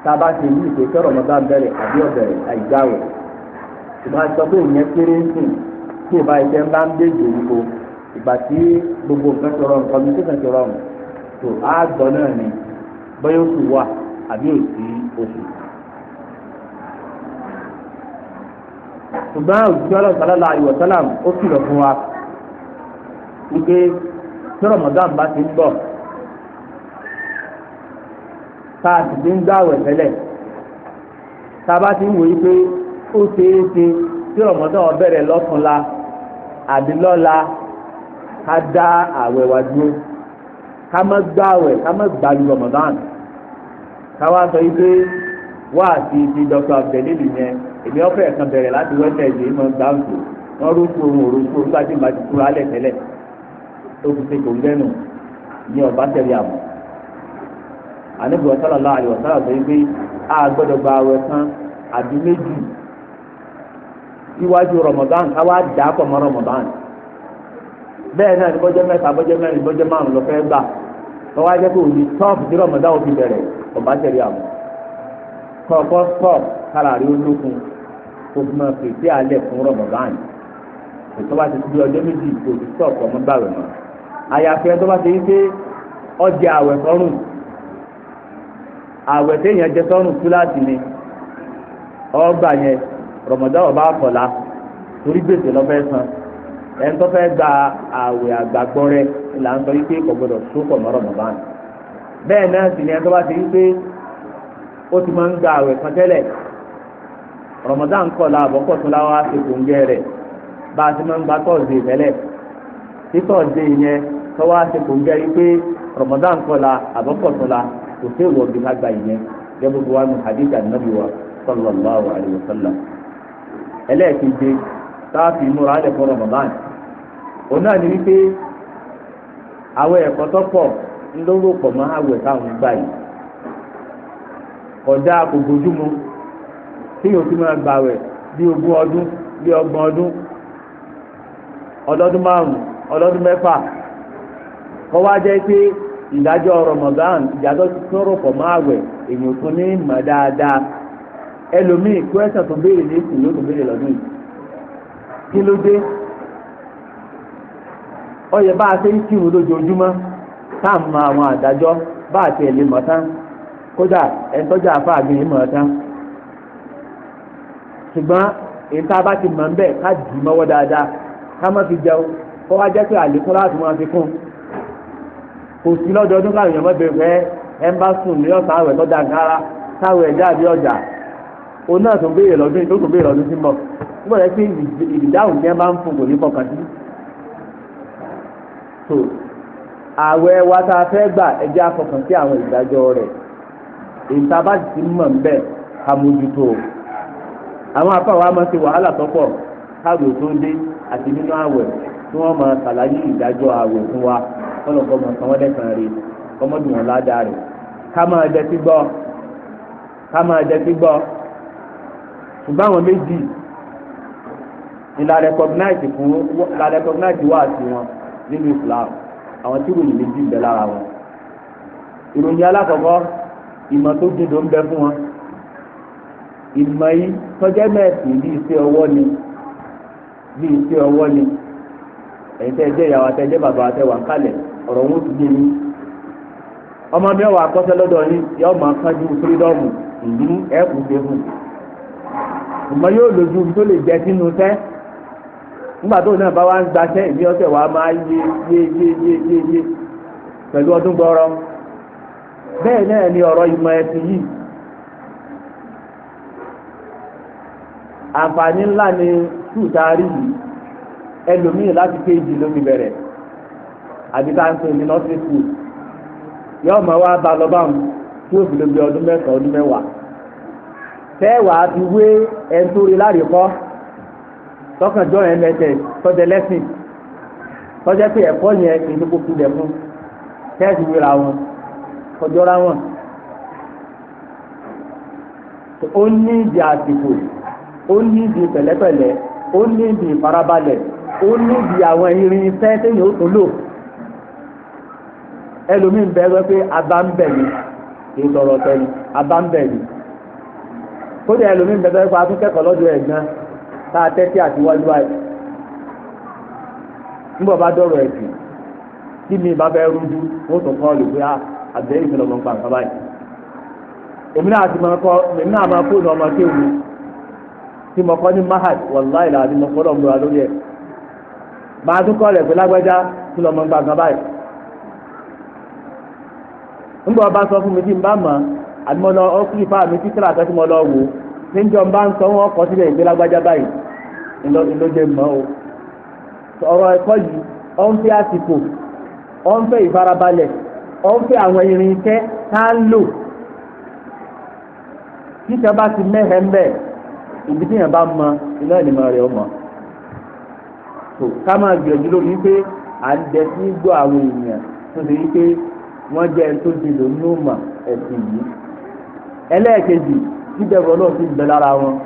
tá a bá ti ní ìpè sọ̀rọ̀ mọ́tà bẹ̀rẹ̀ àbí ọ̀bẹ̀rẹ̀ o ìgbà sọ pé ìyẹn kéré ń sìn tí ìbá iṣẹ́ ń bá ń dé ìdòwúgbò ìgbà tí gbogbo nǹkan ti rọrùn communication ti rọrùn tó á gbọ́ náà ni bóyá oṣù wà àbí òsì oṣù. ṣùgbọ́n òṣìṣẹ́ ọlọ́sàlálà ìwọ̀sálàm ó kìlọ̀ fún wa wípé tí Ramadan bá ti ń bọ̀ tá a sì ti ń gbàwẹ̀ tẹ́lẹ̀ tá a bá ti ń wòye pé ó ṣeé ṣe tí ọmọdé wọn bẹ̀rẹ̀ lọ́túnla àbí lọ́la ká dá àwẹ̀ wa dúró ká má gbá àwẹ̀ ká má gbàlú Ramadan ká wá sọ yìí pé wá àti ti dr abdelili yẹn èmi ọ̀fẹ́ kan bẹ̀rẹ̀ láti wẹ́tẹ̀ẹ̀dì mọ́ gbáǹkì wọ́n rúkú ohun òrùkú orúkú àti ìbàdí kúrò alẹ́ tẹ́lẹ̀ tó fi ṣe kò ń gbẹ́nu ní ọ̀bá tẹ̀lé àmọ́ àníbùrọ̀ sọ́lá lọ́wọ́ àlè wọ̀sọ́lá sọ yìí pé a gbọ́dọ̀ gba àwẹ̀ kan àbí méjì iwájú Ramadan àwa dà pọ̀ mọ́ Ramadan bẹ́ẹ̀ náà ní bọ́jọ́ mẹ́ta bọ́jọ́ mẹ́rin bọ́jọ́ márùn lọ fẹ́ gbà lọ́wọ́ ajẹ́ pé òní tọ́ọ̀f Ramadan fi bẹ̀rẹ̀ ọba tẹ̀lé àmọ́ olókun pèsè fún Ramadan ètò bá ti di ọjọ́ méjì kò sí ọmọ gbàwẹ̀ mọ́ àyàfi ẹ̀ tó bá ti rí pé ọjà àwẹ̀ àwẹ̀ téèyàn jẹ ni ọgbà yẹn rọmọdán ọba àkọlá torí gbèsè lọ́fẹ́ san ẹni tó fẹ́ gba àwẹ̀ àgbàgbọ́ rẹ là ń sọ wípé kò gbọdọ̀ tó pọ̀ mọ́ rọmọdán bẹ́ẹ̀ náà sì ni ẹni tó bá ti wípé ó ti máa ń gba àwẹ̀ kan tẹ́lẹ̀ rọmọdán kọlá àbọ̀kọ̀ tó láwọn àsìkò ń jẹ rẹ̀ bá a ti máa ń gba tọ́ọ̀dé tẹ́lẹ̀ tí tọ́ọ̀dé yẹn tọ́wọ́ àsìkò ń jẹ́ wípé rọmọdán kọlá àbọ̀kọ̀ tó kò sí ìwọ̀n bí ká gba ìyẹn gẹ́gẹ́ bí wọ́n mú hadith ànábì wa sallallahu alayhi wa sallam. ẹlẹ́ẹ̀keje táàfin múra lẹ̀ fún Ramadan òun náà ní wípé àwọn ẹ̀kọ́ tó pọ̀ ńlọ́rọ̀ pọ̀ mọ́ àwẹ̀ táwọn gbà yìí kọjá kò tí yóò fi máa gbàwẹ̀ bí ogún ọdún bí ọgbọ̀n ọdún ọlọ́dún márùn-ún ọlọ́dún mẹ́fà kọ́ wá jẹ́ pé ìdájọ́ ìdájọ́ pọ̀ mọ́ àwẹ̀ èèyàn tún ní ìmọ̀ dáadáa ẹlòmíì kó ẹsẹ̀ tó béèrè ní ìsìn yóò tó béèrè lọ́dún yìí kí ló dé ọyẹ bá a ṣe ń kírun lójoojúmọ́ tá à ń mọ àwọn àdájọ́ bá a tiẹ̀ lè mọ̀ tán kódà ẹ̀ńtọ́jà àfáàgbìn yìí mọ̀ tán ṣùgbọ́n èyí tá a bá ti mọ̀ ń bẹ̀ ká dì í mọ́wọ́ dáadáa ká má fi jẹun kó wá jẹ́ pé àlékún láti máa fi kún kò sí lọ́dọọdún káwọn èèyàn mọ́ bẹ̀rẹ̀ ẹ̀ ń bá sùn ní ọ̀sán àwẹ̀ tó dáa táwọn ẹ̀dá àbí ọjà òun náà tó béèrè lọ́dún yìí tó tó béèrè lọ́dún sí mọ́ ìdáhùn tí wọ́n bá ń fún kò ní fọkàn sí. ààwẹ̀ wa a fẹ́ gbà ẹjẹ́ afọkàn sí àwọn ìdájọ́ rẹ̀ ìta bá ti mọ̀ ń bẹ̀ ká mójútó àwọn a ma ṣe si, wahala tọpọ, tó dé àti nínú ààwẹ̀ tí wọ́n ìdájọ́ ààwẹ̀ fún wa wọn ṣùgbọ́n àwọn méjì ni la recognize fún la recognize wá sí wọn nínú Islam àwọn tí ìròyìn méjì ń bẹ lára wọn ìròyìn alákọ̀ọ́kọ́ ìmọ̀ tó dídò ń bẹ fún wọn ìmọ̀ yìí tọ́jẹ́ mẹ́ẹ̀sì bí iṣẹ́ ọwọ́ ni bí iṣẹ́ ọwọ́ ni ẹ̀yin tẹ́ ẹ jẹ́ ìyàwó àtẹ́jẹ́ bàbá àtẹ́wà kálẹ̀ ọ̀rọ̀ wọn ti gbé mi ọmọ mẹ́wàá akọ́ṣẹ́ lọ́dọ̀ yín yọ ọmọ akájú fírídọ́ọ̀mù ìlú ẹ̀kú gbé fún un ìmọ̀ yóò lójú tó lè jẹ sínú sẹ́ nígbà tó náà bá wá ń gbaṣẹ́ ìbí ọ̀sẹ̀ wa máa yé yé yé yé yé yé pẹ̀lú ọdún gbọ́rọ́ bẹ́ẹ̀ náà ni ọ̀rọ̀ ìmọ̀ ẹ̀sìn yìí àǹfààní ńlá ni tùtàrí yìí ẹlòmíì láti kéjì lómi bẹ̀rẹ̀ àti ká ń pè ní nọ́ọ̀sì skul yọ́ọ̀ mọ̀ wá bá lọ́bàá tí ó fi lè gbé ọdún mẹ́sàn-án ọdún mẹ́wàá tẹ́wàá fi wé ẹni tó rí láre kọ́ tọkànjọ́ yẹn mẹ́tẹ̀ tọ́jẹ́ lẹ́sìn tọ́jẹ́ pé ẹ̀kọ́ yẹn kì í tó kó kulẹ̀ fún tẹ́ẹ̀sì wéra wọn kọjọ́ra wọn ó ní ìdí àsìkò ó ní ìdí pẹ̀lẹ́pẹ̀lẹ́ ó ní ìdí ìfarabalẹ̀ ó ní ìdí àwọn irinṣẹ́ téèyàn ó tún lò ẹlòmíín bẹ́ẹ̀ rẹ pé abá ń bẹ̀ ni ètò ọ̀rọ̀ tẹ́lẹ̀ abá ń bẹ̀ ni. kódà ẹlòmíín bẹ̀rẹ̀ bẹ́ẹ̀ pa tún lọ́dọ̀ ẹ̀ gan tá a tẹ́tí àti wájú àì nígbà bá dọ̀rọ̀ mi bá bẹ́ẹ̀ rújú wọ́n tún kọ́ lè pé ah, àbẹ́ ìfẹ́lọ́mọ́ pa nǹkan báyìí èmi náà ti máa kọ́ èmi náà máa ọmọ mahad wàláì mo lórí ẹ̀ máa tún kọ́ lágbájá lọ́mọ ọba sọ fún mi àbí mo lọ ọkùnrin ìfá mi títírà àtẹ́sí mo lọ wò níjọ bá ń sọ wọn kọ sílẹ̀ ìgbélágbájá báyìí ńlọjẹ mọ́ o ọ̀rọ̀ ẹ̀kọ́ yìí ó ń fẹ́ àsìkò ó ń fẹ́ ìfarabalẹ̀ ó ń fẹ́ àwọn irinṣẹ́ tá ń lò títẹ̀ bá ti mẹ́hẹ̀ ń bẹ̀ ìbí tíyàn bá mọ iná ìlímọ̀ rẹ̀ ọmọ tó ká máa gbìyànjú lórí wípé à ń dẹ sí gbọ́ àwọn èèyàn tó ṣe wípé wọ́n jẹ́ ẹni tó ti lò ní òmà ẹ̀sìn yìí ẹlẹ́ẹ̀kejì bíbẹ̀rù ọlọ́run ti bẹ̀ lára wọn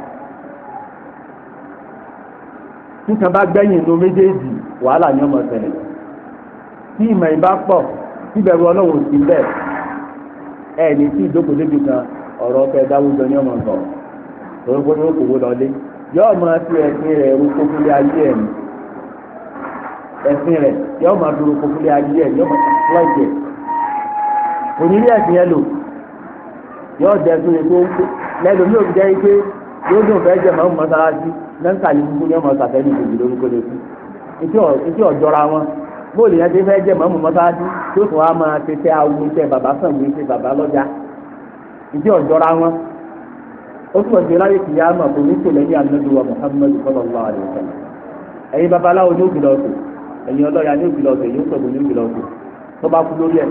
nǹkan bá gbẹ̀yìn inú méjèèjì wàhálà ni ọmọ ṣẹlẹ̀ tí ìmọ̀ ìbá pọ̀ bíbẹ̀rù ọlọ́run ti bẹ̀ ẹ̀ ní tí ìjókòó débi kan ọ̀rọ̀ ọ̀fẹ́ dáwùjọ ni ọmọ sọ̀rọ̀ torí pé yóò kówó lọlé yóò máa fi ẹ̀sìn rẹ̀ ru kókúlé ayé ẹ̀ ẹ̀sìn rẹ̀ yóò máa fi ru kókúlé ayé ẹ̀ yóò máa fi fúláìtì ẹ̀ òní ilé ẹ̀sìn yẹn lò yóò jẹ tó yẹ kó ń kó lẹ́nu mi ò fi jẹ́ pé yóò dùn fẹ́ jẹ́ màmú mọ́sálásí lẹ́ńkà yìí kú ní ìdòdò lórúkọ lè fi etí ọ̀jọ́ra wọn bóòlù yẹn ti fẹ́ jẹ́ màmú mọ́sálásí tó tún wá máa ti tẹ́ awo iṣẹ́ bàbá sàmú iṣẹ́ bàbá lọ́jà etí ọ̀jọ́ra wọn ó túbọ̀ sí láyé kìí àmà kò ní kò lẹ́yìn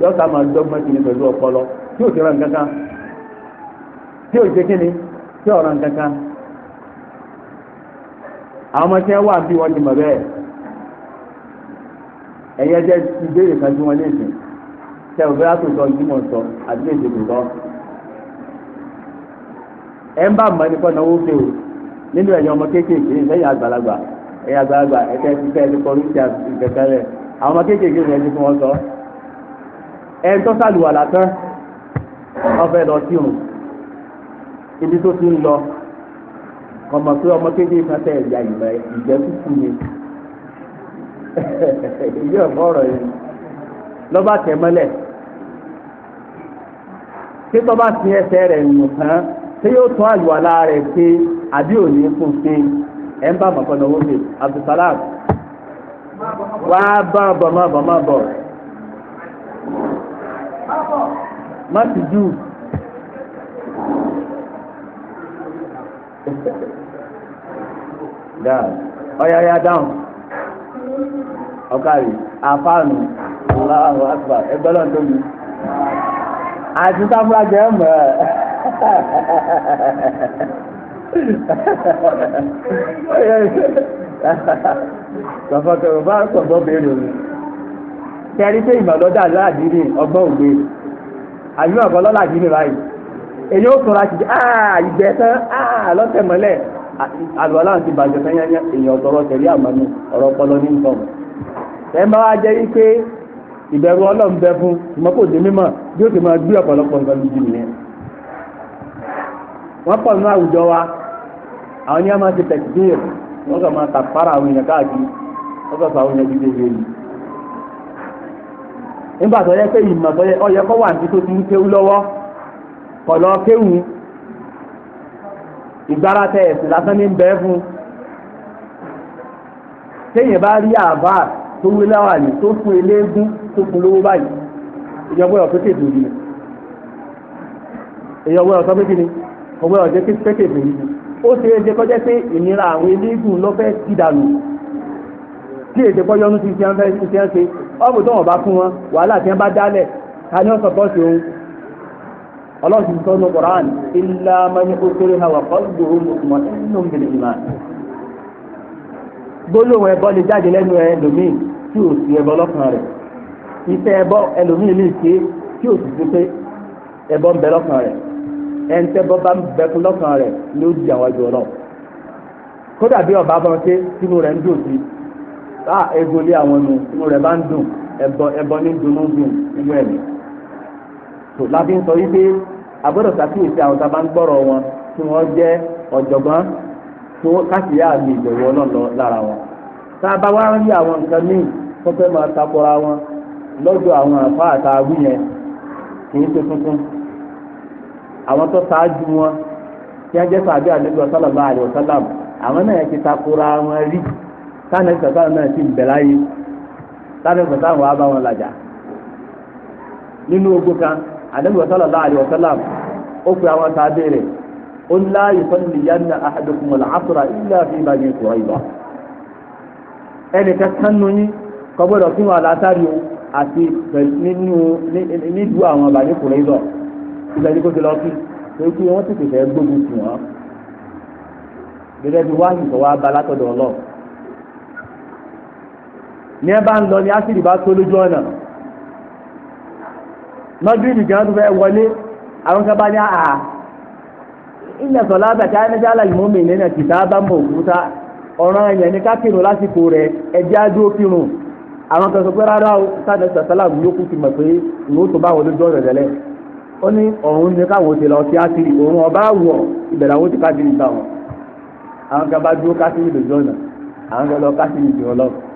yóò sá máa dọ́gbọ́n kìíní pẹ̀lú ọpọlọ tí ò ti ra tí ò ṣe tí ò ra nǹkan àwọn ọmọ tí wọ́n wà bí wọ́n ti mọ̀ bẹ́ẹ̀ ẹ̀yẹ jẹ́ ìbéèrè kan tí wọ́n lè sìn tẹ ò bẹ́ẹ̀ sọ ìdímọ̀ sọ àti lè ṣètò sọ ẹ̀ ń bá mọ̀ nípa náwó fẹ́ o nínú ẹ̀ ń tọ́ sàlùwàlà tán ọbẹ̀ lọ sí òun ibi tó ti ń lọ ọmọ pé ọmọ kékeré kan tẹ̀ ẹ̀yà ìgbà ìjẹ́ kúkú ni ìyé ọ̀fọ́ ọ̀rọ̀ yẹn lọ́ba tẹ̀ mọ́lẹ̀ kí tọ́ba sí ẹsẹ̀ rẹ̀ nù tán tí yóò tún àlùwàlà rẹ̀ ṣe àbí òní fún ṣe ẹ̀ ń bá mọ̀kànnà owó mi Abdulsalam wàá bá bọ̀ má bọ̀ má bọ̀ má ti jù. dáa ọ̀yà ọ̀yà dáhùn ọ̀kàrí àfáànù aláwọ̀ àgbà ẹgbẹ́ lọ́n tóbi àti sáfúrájẹ mọ̀ ẹ́ sọ̀fọ̀kẹ̀rọ̀ bá sọ̀bọ̀ bẹ̀rẹ̀ òun. tẹ́rí pé ìmọ̀lọ́dà ládìrí ọgbọ́n ògbé àbí ọ̀gbọ́n lọ́ládìrí báyìí èyí ó sọra ti ti bàjẹ́ tán yányá ọ̀tọ̀rọ̀ tẹ̀lé ọ̀rọ̀ ọpọlọ ní nǹkan wá jẹ́ ìbẹ̀rù ọlọ́run bẹ fún dé bí ó ti máa gbé ọ̀pọ̀lọpọ̀ nǹkan lójú ní a máa nígbà tó yẹ pé ìmọ̀ tó yẹ ọyẹ kọ́ wà ní tó ti ń kéwú lọ́wọ́ kọ̀ lọ kéwú ìgbára tẹ ẹ̀sìn lásán ní bẹ́ẹ̀ fún téèyàn bá rí àbá tó wí láwà ní tó fún eléégún tó fún lówó báyìí ìjọba ọ̀tọ́ tètè òdì ìjọba ọ̀tọ́ pé kíni ọ̀gbẹ́ ọ̀jẹ́ pé tètè òdì ó ṣe é jẹ́ kọjá pé ìnira àwọn eléégún lọ́fẹ́ ti dànù tí èdè pọ́ yọnu ti ti ń fẹ́ ti ń ṣe ọ̀bù tó wọ́n bá fún wọn wàhálà tí wọ́n bá dálẹ̀ ta ni wọ́n sọ̀pọ̀tì òun ọlọ́run ti sọ́nu Quran ilá mani okere ha wà kọ́lùbù mọ̀ nínú ìbìlẹ̀ ìmọ̀ gbólóhùn ẹbọ lè jáde lẹ́nu ẹlòmíì tí ò sí ẹbọ lọ́kàn rẹ̀ iṣẹ́ ẹbọ ẹlòmíì lè ṣe tí ò sì sí pé ẹbọ ń bẹ lọ́kàn rẹ̀ ẹnitẹ́bọ bá ń bẹ fún lọ́kàn rẹ̀ ló di àwọn ẹjọ́ náà kódà bí ọba bọ́n ṣe sínú rẹ̀ ń dòdì ká ah, egolé àwọn nu inú rẹ̀ bá ń dùn ẹbọ ẹbọ ní dunú dùn inú ẹ̀mí. tó àwọn tá a bá ń gbọ́rọ̀ wọn tí wọ́n jẹ́ ọ̀jọ̀gbọ́n tó káàkiri wọn. tá a àwọn nǹkan míì tó fẹ́ máa takora àwọn àfa yẹn kì í ṣe àwọn tó ṣáájú wọn wọ́n jẹ́ sàbí àwọn táwọn ẹ̀sìn ọ̀tá náà ti bẹ̀ láyé táwọn ẹ̀sìn ọ̀tá wọn á bá wọn làjà nínú ogun kan ànábì sallallahu alaihi wasallam ó pe àwọn tàbí rẹ̀ ó ní la yusalliyanna ahadukum al-asra illa fi bani Qurayza ẹnìkan kánú yín kò gbọ́dọ̀ fún wa látàrí o àti nínú nídú àwọn bani Qurayza ìgbàlí kó ti lọ kí pé wọ́n ti pèsè gbógun tì wọ́n gẹ́gẹ́ bí wáyé tó wá látọ̀dọ̀ ọlọ́ọ̀ ní ẹ bá ń lọ ní ásìrì bá tó lójú ọ̀nà mọ́gírìbì kan tó fẹ́ wọlé àwọn kan bá ní àà ilẹ̀ sọ̀lá àbẹ̀kẹ́ ayélujára alàlùmọ́ mi nínú kìtà bá mọ̀ òkúta ọ̀ràn ẹ̀yẹ̀ ní ká kírun lásìkò rẹ̀ ẹ̀jẹ̀ ájú kírun àwọn kan sọ pé rárá o sáà sàtàlà yòókù ti mọ̀ pé ìwé tó bá wọlé jọ́ rẹ̀rẹ̀lẹ̀ ó ní ọ̀run ní káwọn ti lọ sí ásìrì òun ọba wọ̀ ìbẹ̀rẹ̀ àwọn ti káàkiri gbà wọn àwọn kan bá dúró káàkiri lójú ọ̀nà àwọn kan lọ káàkiri jù ọlọ́run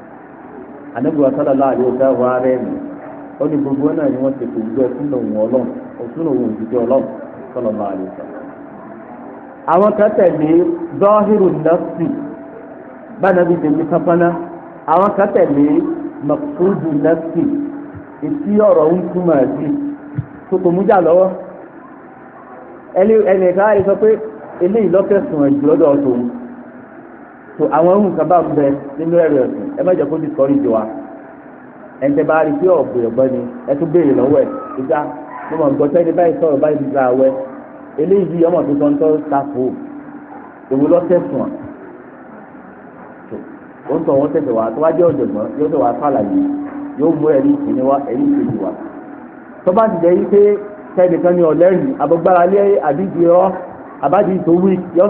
anabiwa sallallahu alaihi wasallam wà rẹ̀ mi ó ní gbogbo náà ni wọ́n ti kò gbé ọtún lòun ọlọ́run ọtún lòun òjijì ọlọ́run sallallahu alaihi wasallam. àwọn kan tẹ̀lé dọ́hírù nọ́ọ̀sì bánàbí tẹ̀lé pápáná àwọn kan tẹ̀lé mọ̀kúndù nọ́ọ̀sì ètí ọ̀rọ̀ ń túmọ̀ sí kókò mújà lọ́wọ́ ẹnìkan àìsọ pé eléyìí lọ́kẹ̀sùn ẹ̀jù lọ́dọ̀ so àwọn ohun kan bá ń bẹ nínú ẹ̀rọ ẹ̀sìn ẹ má jẹ́ kó discourage wa ẹ̀ǹtẹ̀ bá rí pé ọ̀bùn ẹ̀gbọ́n ni ẹ tún béèrè lọ́wọ́ ẹ̀ ìjà mo mọ̀ nǹkan sẹ́ni báyìí sọ̀rọ̀ báyìí ti gba àwẹ̀ eléyìí ọmọ tó sọ ń tọ́ sáfò òwò lọ́sẹ̀sùn à ó ń tọ̀ wọ́n tẹ̀sẹ̀ wá tó wá jẹ́ ọ̀jọ̀gbọ́n yóò tẹ̀ wá sàlàyé yóò mú ẹ̀rí ìkíní wá ẹ̀rí ìkejì wá tó bá ti jẹ́ yí pé sẹ́nìkan ni ọ̀lẹ́rìí àbọ̀gbára lé àdíjì rọ́ àbájì tó wí yọ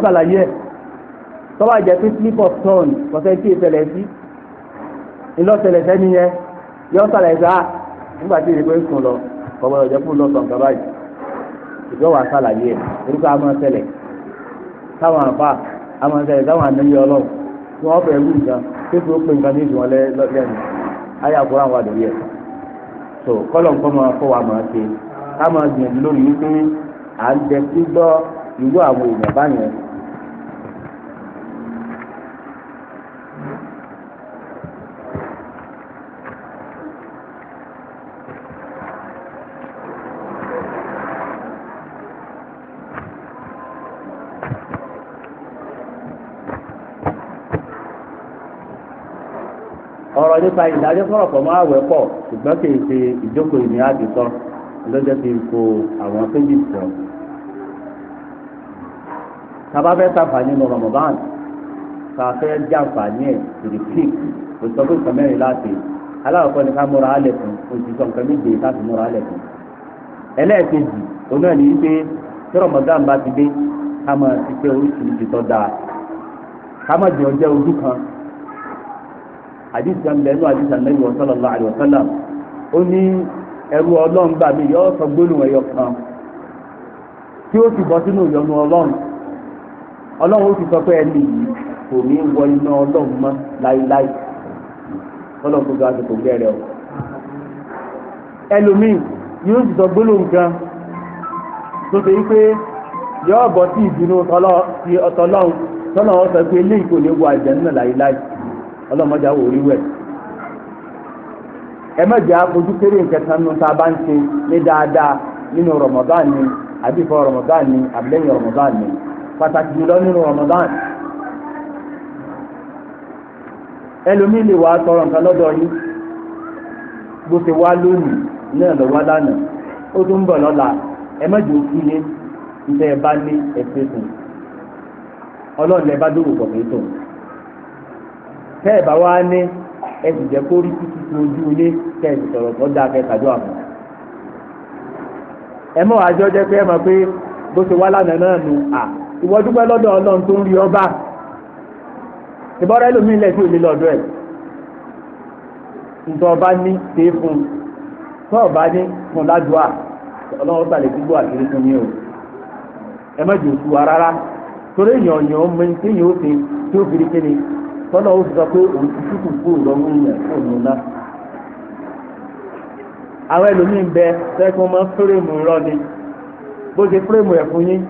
tọ́wọ́ jẹ́ pé slip of tongue kọ̀sẹ́ tí ìṣẹ̀lẹ̀ sí ìlọ́sẹ̀lẹ̀ sẹ́ni yẹn yọ sàlẹ̀ sá ah, nígbà tí ìrìkọ́ ìsùn lọ kọ̀wé ọ̀jẹ̀ fún lọ́sọ̀ nǹkan báyìí ìjọ wà sàlàyé ẹ̀ orúkọ àmọ́ sẹlẹ̀ táwọn àfa àmọ́ sẹlẹ̀ táwọn ànáyé ọlọ́run tí wọ́n fẹ́ wú nǹkan tó fi ó pé nǹkan ní ìdùn ọlẹ́ lẹ́nu ayé àkúrò àwọn àdòrí ẹ̀ tó kọ́lọ̀ nǹkan máa fọ́ wa máa ṣe ká máa gbìyànjú lórí wípé à ń jẹ sí gbọ́ ìwú àwọn èèyàn báyẹn ọ̀rọ̀ nípa ìdájọ́ sọ̀rọ̀ pọ̀ máa wẹ̀ pọ̀ ṣùgbọ́n kì í ṣe ìjókòó ìní àdìsọ lọ́jọ́ tí n kó àwọn péjì sọ. tábà fẹ́ sàǹfààní ní Ramadan ká fẹ́ ẹ̀ òṣìṣọ́ mẹ́rin láti aláwọ̀kọ́ ni ká múra òṣìṣọ́ nǹkan méje múra ẹlẹ́ẹ̀kejì ní tí Ramadan bá ti dé ká máa oríṣiríṣi tó dáa ká má jẹun jẹ́ ojú kan hadith kan bẹ́ẹ̀ nínú hadith anabi wa sallallahu alayhi wa sallam ó ní ẹrú ọlọ́run gbà mí yọ sọ gbólóhùn ẹyọ kan tí ó sì bọ́ sínú ìyọnu ọlọ́run ọlọ́run ó ti sọ pé ẹni yìí kò ní wọ iná ọlọ́run mọ́ láíláí ọlọ́run tó ga àsìkò gẹ́rẹ́ o ẹlòmíì yóò sì sọ gbólóhùn kan tó ṣe wípé yọ ọ̀bọ̀ sí ìbínú tọ́lọ́run tọ́lọ́run sọ pé eléyìí kò wọ àjẹ́ náà láíláí. ọlọ́mọdé àwọn orí ẹ má jẹ́ àfojú kéré nǹkan kan nù tá a bá ń ṣe ní dáadáa nínú Ramadan ni ni àbílẹ́yìn ni pàtàkì jùlọ nínú rọmọdán ẹlòmíì lè wá tọrọ nǹkan lọ́dọ̀ yín bó wá lónìí náà lánàá ó tún bọ̀ lọ́la ẹ má jẹ́ òkú ẹ bá ní ẹ fẹ́ ọlọ́run bá tẹ́ ẹ̀ wá ní ẹ sì jẹ́ kó rí títí tó ojú ilé tẹ́ sọ̀rọ̀ tó dáa kẹ́ tàdó àmọ́. ẹ àjọ jẹ́ pé ẹ mọ̀ pé bó ṣe wá lánàá náà nu à ọba tí ò lọ́dọ̀ ẹ̀ ntọ́ ọba ní ṣe é fún tọ́ ọba ní fún ọlọ́run gbàlẹ̀ gbígbó fún mi o ẹ tọ́lọ̀ ó sọ pé òun ti tútù kú ìlọ́wọ́ èèyàn kò ní ná. àwọn ẹlòmíì ń bẹ sẹ́kùn mọ́ fírèmù irọ́ ni bó ṣe fírèmù ẹ̀ fún yín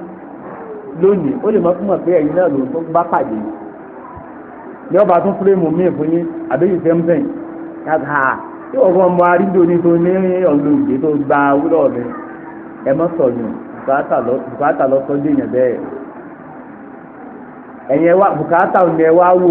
lónìí ó lè mọ́ fún mọ̀ pé ẹ̀yin náà lòun tó bá pàdé ní ọba tún fírèmù míì fún yín àbẹ́yìn sẹ́mùsẹ̀yìn yàtà tí wọ́n fọ́n mọ arídò ní tó ní ọ̀gbìn òjé tó gba wúlọ̀ rẹ̀ ẹ mọ́ sọ̀yìn bùkátà lọ́sọ́dé yẹn bẹ́ẹ̀ ẹ̀yẹn wá bùkátà ọ̀nà ẹ̀ wá wò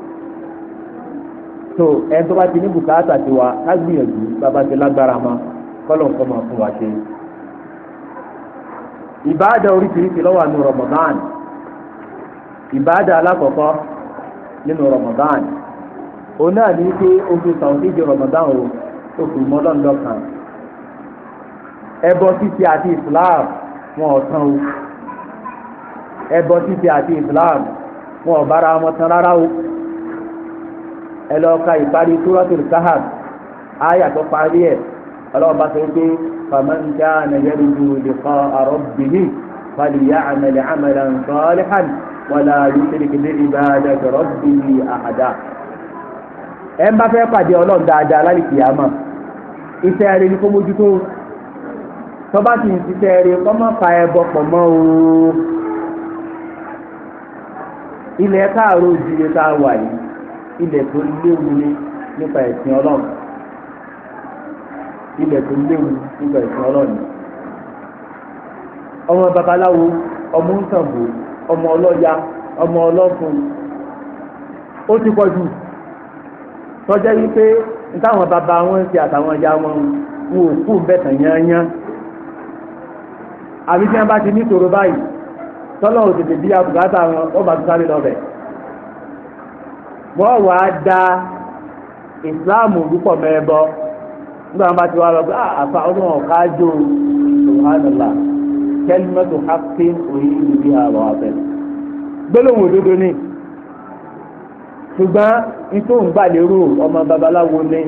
so ẹni tó bá ti ní bùkátà ti wa ká gbìyànjú bàbá ti lágbára ma kọ́lọ̀ nǹkan máa fún wa ṣe. ìbáàdà oríṣiríṣi lọ́wọ́ àánú Ramadan ìbáàdà alákọ̀ọ́kọ́ nínú Ramadan òun náà ní pé oṣù sàwọ́díje Ramadan o oṣù mọ́lọ́ńdọ́ kan ẹbọ títí àti Islam wọn ò tán o ẹbọ títí àti Islam wọn ò bára wọn tán rárá o ẹ lọ ka ìparí túrọ́tìrì káhàb ayà tó parí ẹ̀ ọlọ́run bá sọ pé faman kana yarju liqa'a rabbih falya'mal 'amalan salihan wala yushrik bi'ibadati rabbih ahada. ẹ ń bá fẹ́ pàdé ọlọ́run ń ṣiṣẹ́ rẹ kọ́ mọ́ ẹbọ pọ̀ mọ́ o ilẹ̀ káàró ìdílé tá wà yìí ilẹ̀ tó léwu ni nípa ẹ̀sìn ọlọ́run ilẹ̀ tó léwu nípa ẹ̀sìn ọlọ́run ọmọ babaláwo ọmọ nsàmbò ọmọ ọlọ́ya ọmọ ọlọ́fun ó ti pọ̀ jù tọ́jẹ́ wípé táwọn bàbá wọn ti àtàwọn ìyá wọn wọn ò kú bẹ́ẹ̀ tàn yányán àbí tí wọ́n bá ti nítorò báyìí tọ́lọ́ òtètè bí abùkátà wọn wọ́n bá tún sáré lọ bẹ̀ẹ́. wọ́n wà á da ìsìláàmù púpọ̀ mẹ́ẹ̀bọ nígbà wọn bá ti wá lọ pé ah, àfa ọdún ọ̀ká jò ṣùgbọ́nàlá kẹ́límẹ́tò hápé òyìn ìlú òdodo ni ṣùgbọ́n nítorí òun gbà ọmọ babaláwo ni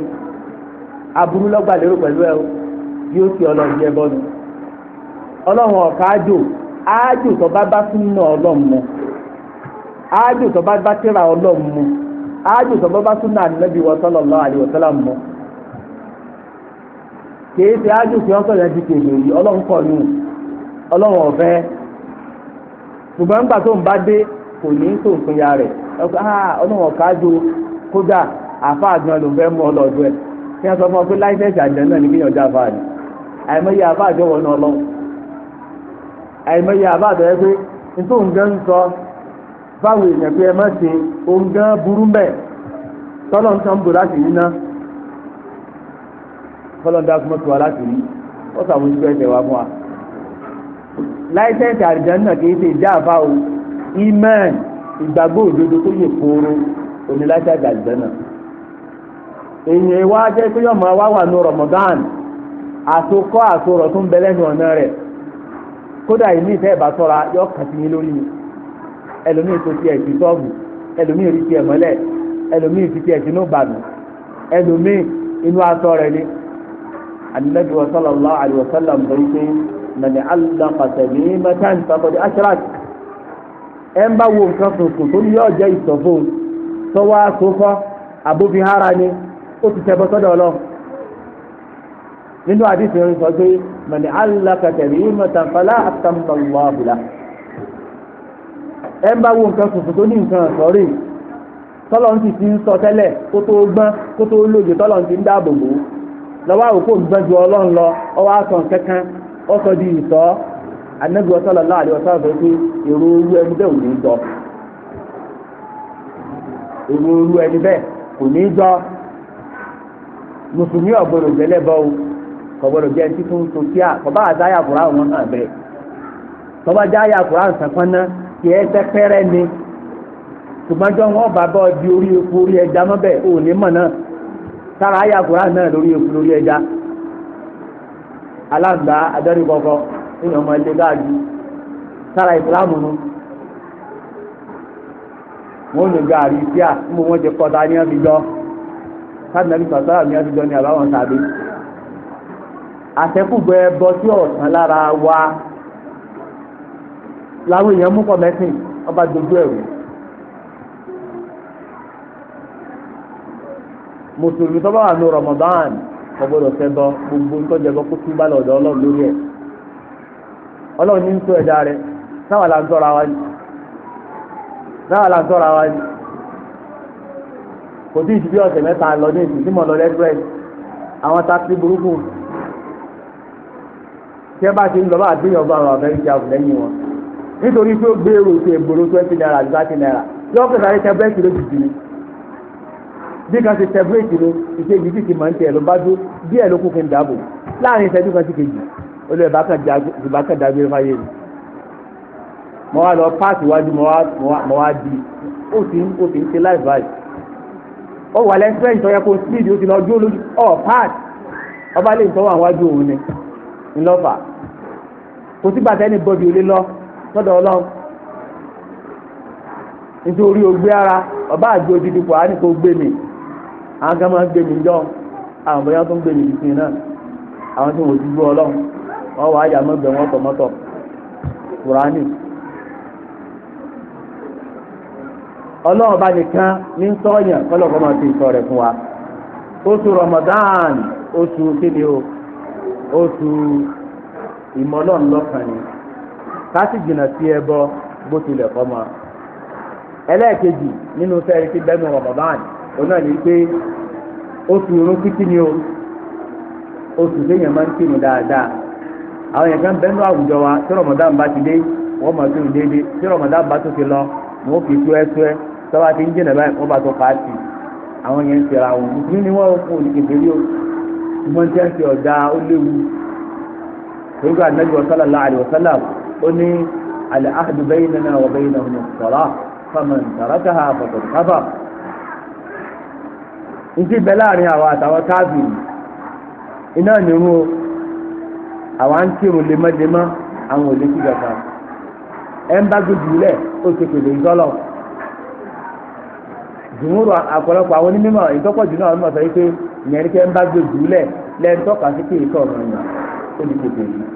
pẹ̀lú ájù sọ bọ́bá súnà ànábì wa sallallahu alaihi wasallam mọ́ kìí ṣe ájù fi yẹn ti yìí ya rẹ̀ kemgbe ah, ọ̀kájú kódà àfa àgbọn ló fẹ́ mú ọlọ́dún ẹ̀ kí wọ́n sọ fún ọ pé láìsẹ̀sì àjẹ́ náà ní kí àìmọye báwo èèyàn pé ẹ má ṣe ohun gan burú mbẹ tọ́lọ̀ ń tán bò láti rí ná tọ́lọ̀ ń dákú mọ́tò wa láti wa fún wa. láìsẹ̀ǹsì àrìjàn náà kì í ṣe ìjà àbá o imán ìgbàgbọ́ òdodo tó yẹ kóró òní láìsẹ̀ǹsì àrìjàn náà. èèyàn wa jẹ́ pé yọ̀mọ̀ wa wà ní Ramadan àtòkọ́ àtòrọ̀ tó ń bẹ lẹ́nu ọ̀nà rẹ̀ ẹlòmíì tó tiẹ̀ sí sọ́ọ̀bù ẹlòmíì rí tiẹ̀ mọ́lẹ̀ ẹlòmíì fi tiẹ̀ sínú bàmí ẹlòmíì inú aṣọ rẹ̀ ni anabi wa sallallahu alayhi wa sallam bẹ̀rẹ̀ pé mẹ̀ni alakasẹ̀ ní mẹ́tàn sọ́kọ̀dé ashraf ẹ̀ ń bá wo nǹkan tuntun tó ní yóò jẹ́ ìsọ̀fún tọ́wọ́ àkókò àbófin hara ni ó ti tẹ́ bọ́ sọ́dọ̀ nínú àdìsí rẹ̀ sọ pé mẹ̀ni alakasẹ̀ ní mẹ́tàn fọlá àtàmùtàlùwà ẹ ń bá wo nǹkan funfun tó ní nǹkan sọ́rí tọ́lọ́n ti ti ń sọ tẹ́lẹ̀ kó tó gbọ́n kó tó lóye ti ń dáàbò bò lọ́wọ́ àwòkó gbọ́n ju ọlọ́run lọ ọwọ́ àtọ̀ kankan èrò orú ẹni bẹ́ẹ̀ ní jọ èrò orú ẹni bẹ́ẹ̀ kò ní jọ mùsùlùmí tiẹ̀ ẹsẹ̀ pẹ́rẹ́ ni tòmọ́jọ́ wọn bá bọ́ di orí efu orí ẹja mọ́bẹ̀ ò ní na. Sara sára ayé na náà efu epo ẹja aláǹgbá kɔkɔ kọ̀ọ̀kan ọmọ ilé gáàdì sára nu wọn ò ní gaari tíà níbo wọn ti kọta ní àbáwọn tàbí àtẹkùgbẹ wa. làwọn èèyàn mú pọ̀ mẹ́sìn ọba dojú ẹ̀rù mùsùlùmí tó bá wà ní Ramadan ọgbọ́dọ̀ sẹ́bọ gbogbo ńtọ́jẹ bọ́ kó tún bá lọ́dọ̀ ọlọ́run lórí ẹ̀ ọlọ́run ní ń tó ń wa ni ń wa ni kò tí ì ju bí ọ̀sẹ̀ mẹ́ta lọ ní ìsìn nítorí pé ó gbèrò sí ègbòrò twenty naira àti thirty naira lọ́kọ̀ sáré tẹ bẹ́ẹ̀kì ló ti dìní bí kan ti tẹ bírèkì ló ìkejì sì ti mọ̀ ní tiẹ̀ ló bá dúró díẹ̀ ló kún kí n dàbò láàrin ìṣẹ́jú kan sí kejì olè bá kàn dágbére fáyé mi mo wá lọ páàkì iwájú mo wá di ó ti ń ó ti ń ṣe láì báyìí ó wà lẹ́sẹ̀rẹ́ ìtọ́yẹ kó speed ó ti lọ dúró lójú ọ̀ páàkì ọba lè tọ́wọ́ àwọn iwájú òun ni ńlọ́fà kò sígbà tẹ́ni bọ́dì olè lọ́ọ́ lọ́dọ̀ ọlọ́run nítorí o ogbe ara ọba àjò odidi pọ̀ á ní kó gbé mi àwọn kan máa ń gbé mi jọ àwọn bóyá tó ń gbé mi bìsìn náà àwọn tí wọn ò dúró ọlọ́run wọn wà á yà mọ́gbẹ́ wọn kùránì ọlọ́run bá nìkan ní sọ́yàn kọ́lọ́kọ́ máa fi rẹ̀ Ramadan oṣù kíni o oṣù ni. kasi sì jìnnà sí ẹbọ bó tilẹ̀ kọ́ mọ́ ẹlẹ́ẹ̀kejì nínú sẹ́ẹ̀rì tí bẹ́ẹ̀ mọ̀ Ramadan òun náà ní pé oṣù irun kíkí ni o oṣù téèyàn máa ń kírun dáadáa àwọn èèyàn kan bẹ́ẹ̀ ní àwùjọ wa tí Ramadan bá ti dé wọ́n máa tí bá tó ti lọ tú ti ń jìnnà báyìí bá tó pa á àwọn ń wọn ìdílé ni rí o ìmọ̀ ó ní al-ahdu baynana wa baynahum as faman tarakaha faqad kafara nti bẹ láàrin àwọn àtàwọn káàbìrì iná ni wọn awa à ń kírun lemọ́lemọ́ àwọn ò lè kí gàgà ẹ ń bá gbèdú lẹ̀ ó ti pèlè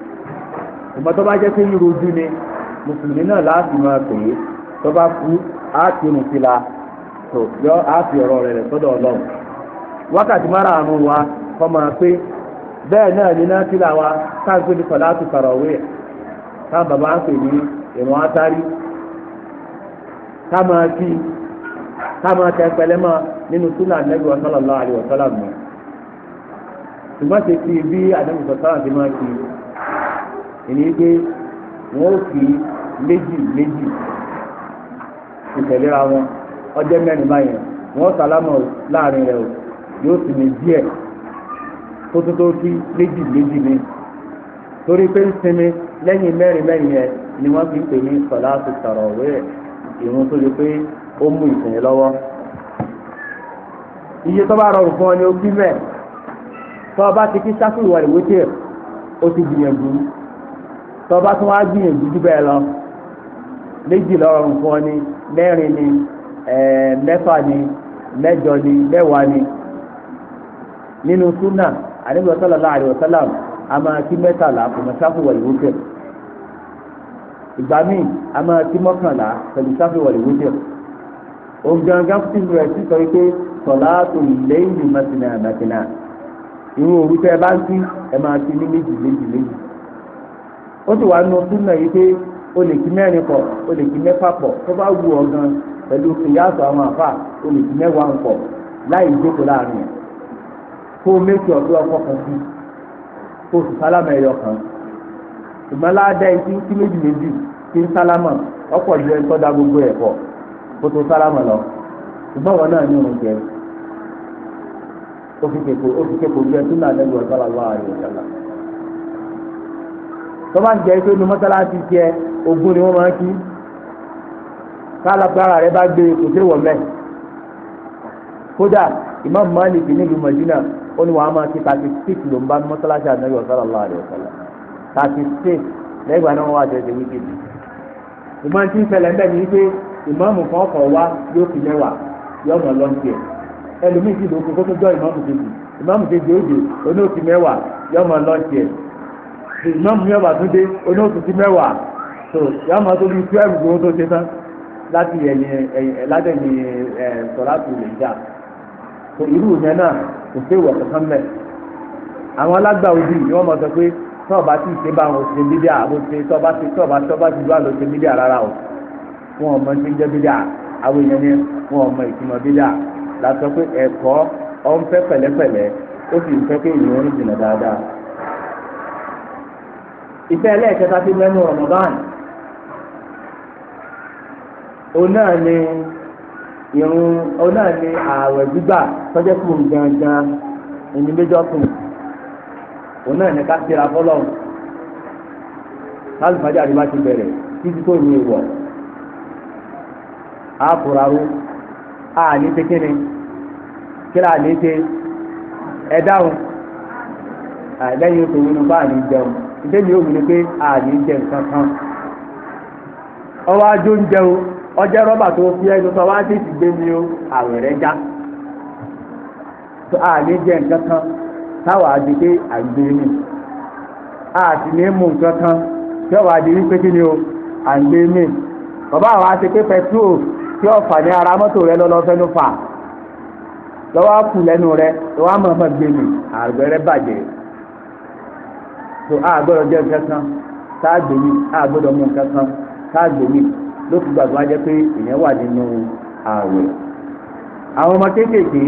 ìmọ̀ tó bá jẹ́ pé yíro ojú ni mùsùlùmí náà láti máa pè é tó bá kú á ti rùn sí la tó yọ á fi ọ̀rọ̀ rẹ̀ sọ́dọ̀ ọlọ́run wákàtí márààrún wa kọ́ máa pé bẹ́ẹ̀ náà ní náà sílà wa táà ń pè ní sọ̀lá ti fàrọ̀ wé ẹ̀ táà bàbá ń pè ní ìrun átàrí ká máa fi ká máa tẹ pẹ̀lẹ́ nínú súnà àdínẹ́gbẹ̀ sallallahu alaihi wasallam mọ́ ṣùgbọ́n ṣe fi bí àdínẹ́gbẹ̀ sallallahu alaihi wasallam ti máa èyí pé wọ́n ó fi méjì méjì ìtẹ̀léra wọn ọjọ́ mẹ́rin báyẹn wọ́n sálámọ̀ láàrin rẹ̀ o yóò sì ní díẹ̀ tó tó tó kí méjì méjì ni torí pé ń sinmi lẹ́yìn mẹ́rin mẹ́rin yẹn ni wọ́n fi ń pè ní sọ̀lá àti sọ̀rọ̀ òwe rẹ̀ ìrun tó lè pé ó mú ìsìn lọ́wọ́ iye tó bá rọrùn fún ọ ni ó kí mẹ́ẹ̀ tó o bá ti kí sáfù ìwà ìwé tiẹ̀ ó ti gbìyànjú tọba tó wá gbìyànjú jù bẹ́ẹ̀ lọ méjì lọ́rùn fún ọ ní mẹ́rin ni mẹ́fà ni mẹ́jọ ni mẹ́wàá ni nínú súnà àdébí sallallahu alaihi wasallam a máa kí mẹ́tàlá pẹ̀lú sáfùwà ìwúkẹ̀ ìgbà míì a máa kí mọ́kànlá pẹ̀lú sáfùwà ìwúkẹ̀ ògàngán fún rẹ̀ sí sọ wípé sọ̀láàtò lẹ́yìn mẹ́tìnà mẹ́tìnà ìwọ̀n òwúkẹ́ bá ń kí ẹ máa kí ní méjì méjì méjì. ó sì wá nu súnà yìí pé o lè kí mẹ́rin pọ̀ o lè kí mẹ́fà pọ̀ tó bá wù ọ́ gan pẹ̀lú kìyàtọ̀ àwọn àfà o lè kí mẹ́wàá pọ̀ láì jókòó láàrin ẹ̀ kó o méjì ọ̀dọ́ ọkọ̀ kan sí kó o sì sálámà ẹ̀yọ kan méjì méjì ń sálámà tó bá ń jẹ́ pé nu mọ́sálásí tiẹ̀ ogún ni wọ́n máa ń kí kálápẹ́ ara rẹ bá gbé kò sí wọ̀mẹ́ kódà Imam Malik nílùú Madina ó ní wàá máa kí thirty six ló ń bá mọ́sálásí Ànábì sallallahu alaihi wasallam thirty six lẹ́gbàá náà wà tẹ̀sẹ̀ wíkẹ́ndì ìmọ̀ tí ń fẹlẹ̀ mbẹ́ ni pé ìmáàmù kan kọ̀ wá yóò fi mẹ́wàá yóò mọ̀ lọ́ńtì ẹ̀ ẹlòmíì sì lóko kó tó jọ ìmáàmù kejì ìmáàmù kejì ó dé oní òfin mẹ́wàá yóò mọ̀ lọ́ńtì ẹ̀ ìmọ̀mù yóò bá tún dé oníhòtò sí mẹ́wàá tó yóò máa tó bí twelve gbowó tó ṣe tán láti ẹ̀yìn ẹ̀yìn ládẹ́yìn ẹ̀ sọ̀láàtù lè jà tó irú yẹn náà kò sí ìwọ̀ kankan mẹ́ àwọn alágbà òbí ni wọ́n máa sọ pé tọ́ọ̀ bá ti ṣe bá wọn ṣe bídíà àwọn ṣe tọ́ọ̀ bá ti tọ́ọ̀ bá tọ́ọ̀ bá ti dúró àlọ́ ṣe bídíà rárá o wọn ò mọ ṣe ń jẹ́ bídíà àwọn èèyàn ni wọn ò mọ ìtumọ̀ bídíà la sọ pé ẹ̀kọ́ ọ̀ ń fẹ́ pẹ̀lẹ́pẹ̀lẹ́ ó sì ń fẹ́ pé ìyẹn ń jìnà dáadáa ìfẹ́ ẹlẹ́ẹ̀kẹta ti mẹ́nu Ramadan òun náà ni irun òun náà ni ààwẹ̀ gbígbà tọ́jẹ́ kù gangan ẹni méjọ́ kù òun náà ni ká síra fọlọ́ lálùfájà ni wọ́n ti bẹ̀rẹ̀ títí tó ní ìwọ̀ àkùràrú àní ti kíni kíra àní ti ẹ àìlẹ́yìn tòun ní àní jẹun. ìdẹ́mi ò ní pé ààyè jẹ nǹkan kan ọwọ́ ajó ń jẹun ọjọ́ rọ́bà tó fi ẹnu sọ gbé mi o àwẹ̀ já ààyè jẹ nǹkan kan táwa di pé àgbè mi àti ní mú nǹkan kan tí ọwọ́ adi wípé kí ni o àgbè mi bàbá àwa ti pé pẹtrol tí ọ̀fà ní ara mọ́tò rẹ lọ́lọ́ fà lọ́wọ́ kù lẹ́nu rẹ lọ́wọ́ gbé mi bàjẹ́. tó a gbọ́dọ̀ jẹ́ nǹkan kan tá a gbèmí a gbọ́dọ̀ mú nǹkan kan tá a gbèmí ló fi gbàgbọ́ ajẹ́ pé èèyàn wà nínú ààwẹ̀. àwọn ọmọ kéékèèké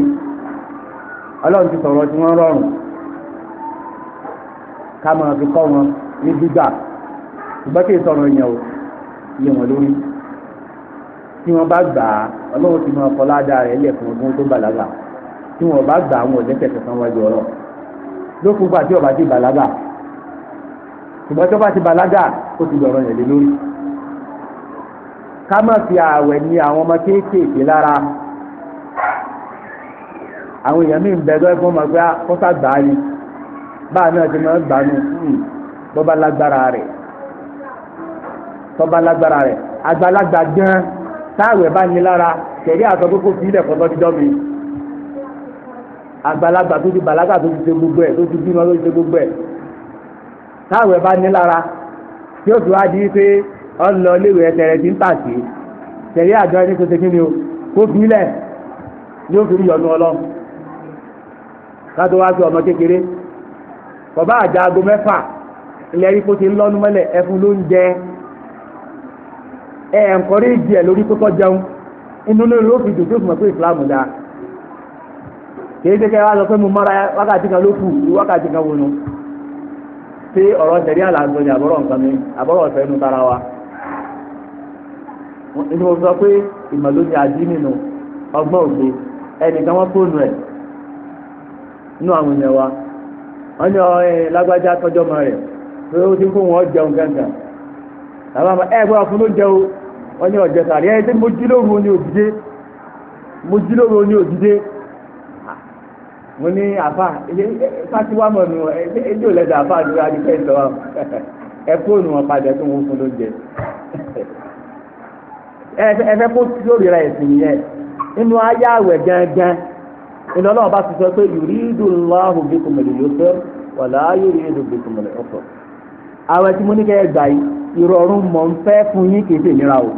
ọlọ́run ti sọ̀rọ̀ tí wọ́n rọrùn ká máa fi kọ́ wọn ní gbígbà ṣùgbọ́n kí ìsọ̀rọ̀ yẹn o yẹ wọn lórí tí wọ́n bá gbà á ọlọ́run ti máa kọ́lá dáa rẹ̀ lẹ̀ fún ọdún tó bàlágà tí wọ́n bá gbà á wọn ò lẹ́sẹ̀ kankan wájú ọlọ́ lókùn gbà tí ọba ti bàlágà ṣùgbọ́n tó bá ti bàlágà ó ti dọ̀rọ̀ yẹn lé lórí. ká má fi ààwẹ̀ ní àwọn ọmọ kéékèèké lára àwọn èèyàn mí ń bẹ lọ́wọ́ fún ọmọ pé ah, ó sàgbà ni báà náà ti máa ń gbàánu hmm, bó bá lágbára rẹ̀ tó bá lágbára rẹ̀ àgbàlagbà gan táàwẹ̀ bá ní lára tẹ̀lé àtọ́ pé kò sí ilẹ̀ kọ́tọ́ dídọ́ mi àgbàlagbà tó ti bàlágà tó ti ṣe gbogbo ẹ̀ tó ti bímọ tó ti ṣe gbogbo ẹ̀ táwọn ẹ̀ bá ní lára tí ó fi wá di pé ọlọ iléèwé ẹtẹrẹ ti ń tàṣe tẹ̀lé àjọ ẹni tó ṣe kí ni o kó fi lẹ̀ yóò fi yọnu ọlọ́run kátó wá sí ọmọ kékeré bàbá àjà aago mẹ́fà ilẹ̀ rí ti mọ́lẹ̀ ẹfun ló ń jẹ ẹ̀ lórí kókó jẹun inú lórí ó fi tí ọ̀rọ̀ ṣẹ̀rí àlàzọ ní àbọ̀rọ̀ nǹkan mi àbọ̀rọ̀ ọ̀fẹ́ tara wa. nítorí sọ pé ìmọ̀ló ni àjí nínú ọgbọ́n òde ẹnìkan wọ́n fóònù ẹ̀ àwọn èèyàn wa wọ́n ní lágbájá tọ́jọ́ mọ́ rẹ̀ pé ó ti fún wọn jẹun gángan bàbá mi ẹ gbọ́dọ̀ fún ló jẹ o wọ́n ní ọ̀jẹ̀ sàrí ẹ tí mo lóru ni òdìdé lóru òdìdé mo ní àfà fatiwa mọ̀ nù ẹjọ́ lẹ́dọ̀ àfà àdúrà ní fẹ́ lọ ẹ fóònù wọn padà tó wọn fún lóúnjẹ ẹ fẹ́ kó lórí ra ẹ̀sìn yẹn nínú ayé àwẹ̀ gangan inú ọlọ́run bá ti sọ pé yuridu Allahu bikumul yusra wala yuridu bikumul usra àwẹ̀ tí mo ní kẹ́ ẹ gbà yìí ìrọ̀rùn mọ̀ ń fẹ́ fún yín kì í ṣèlera o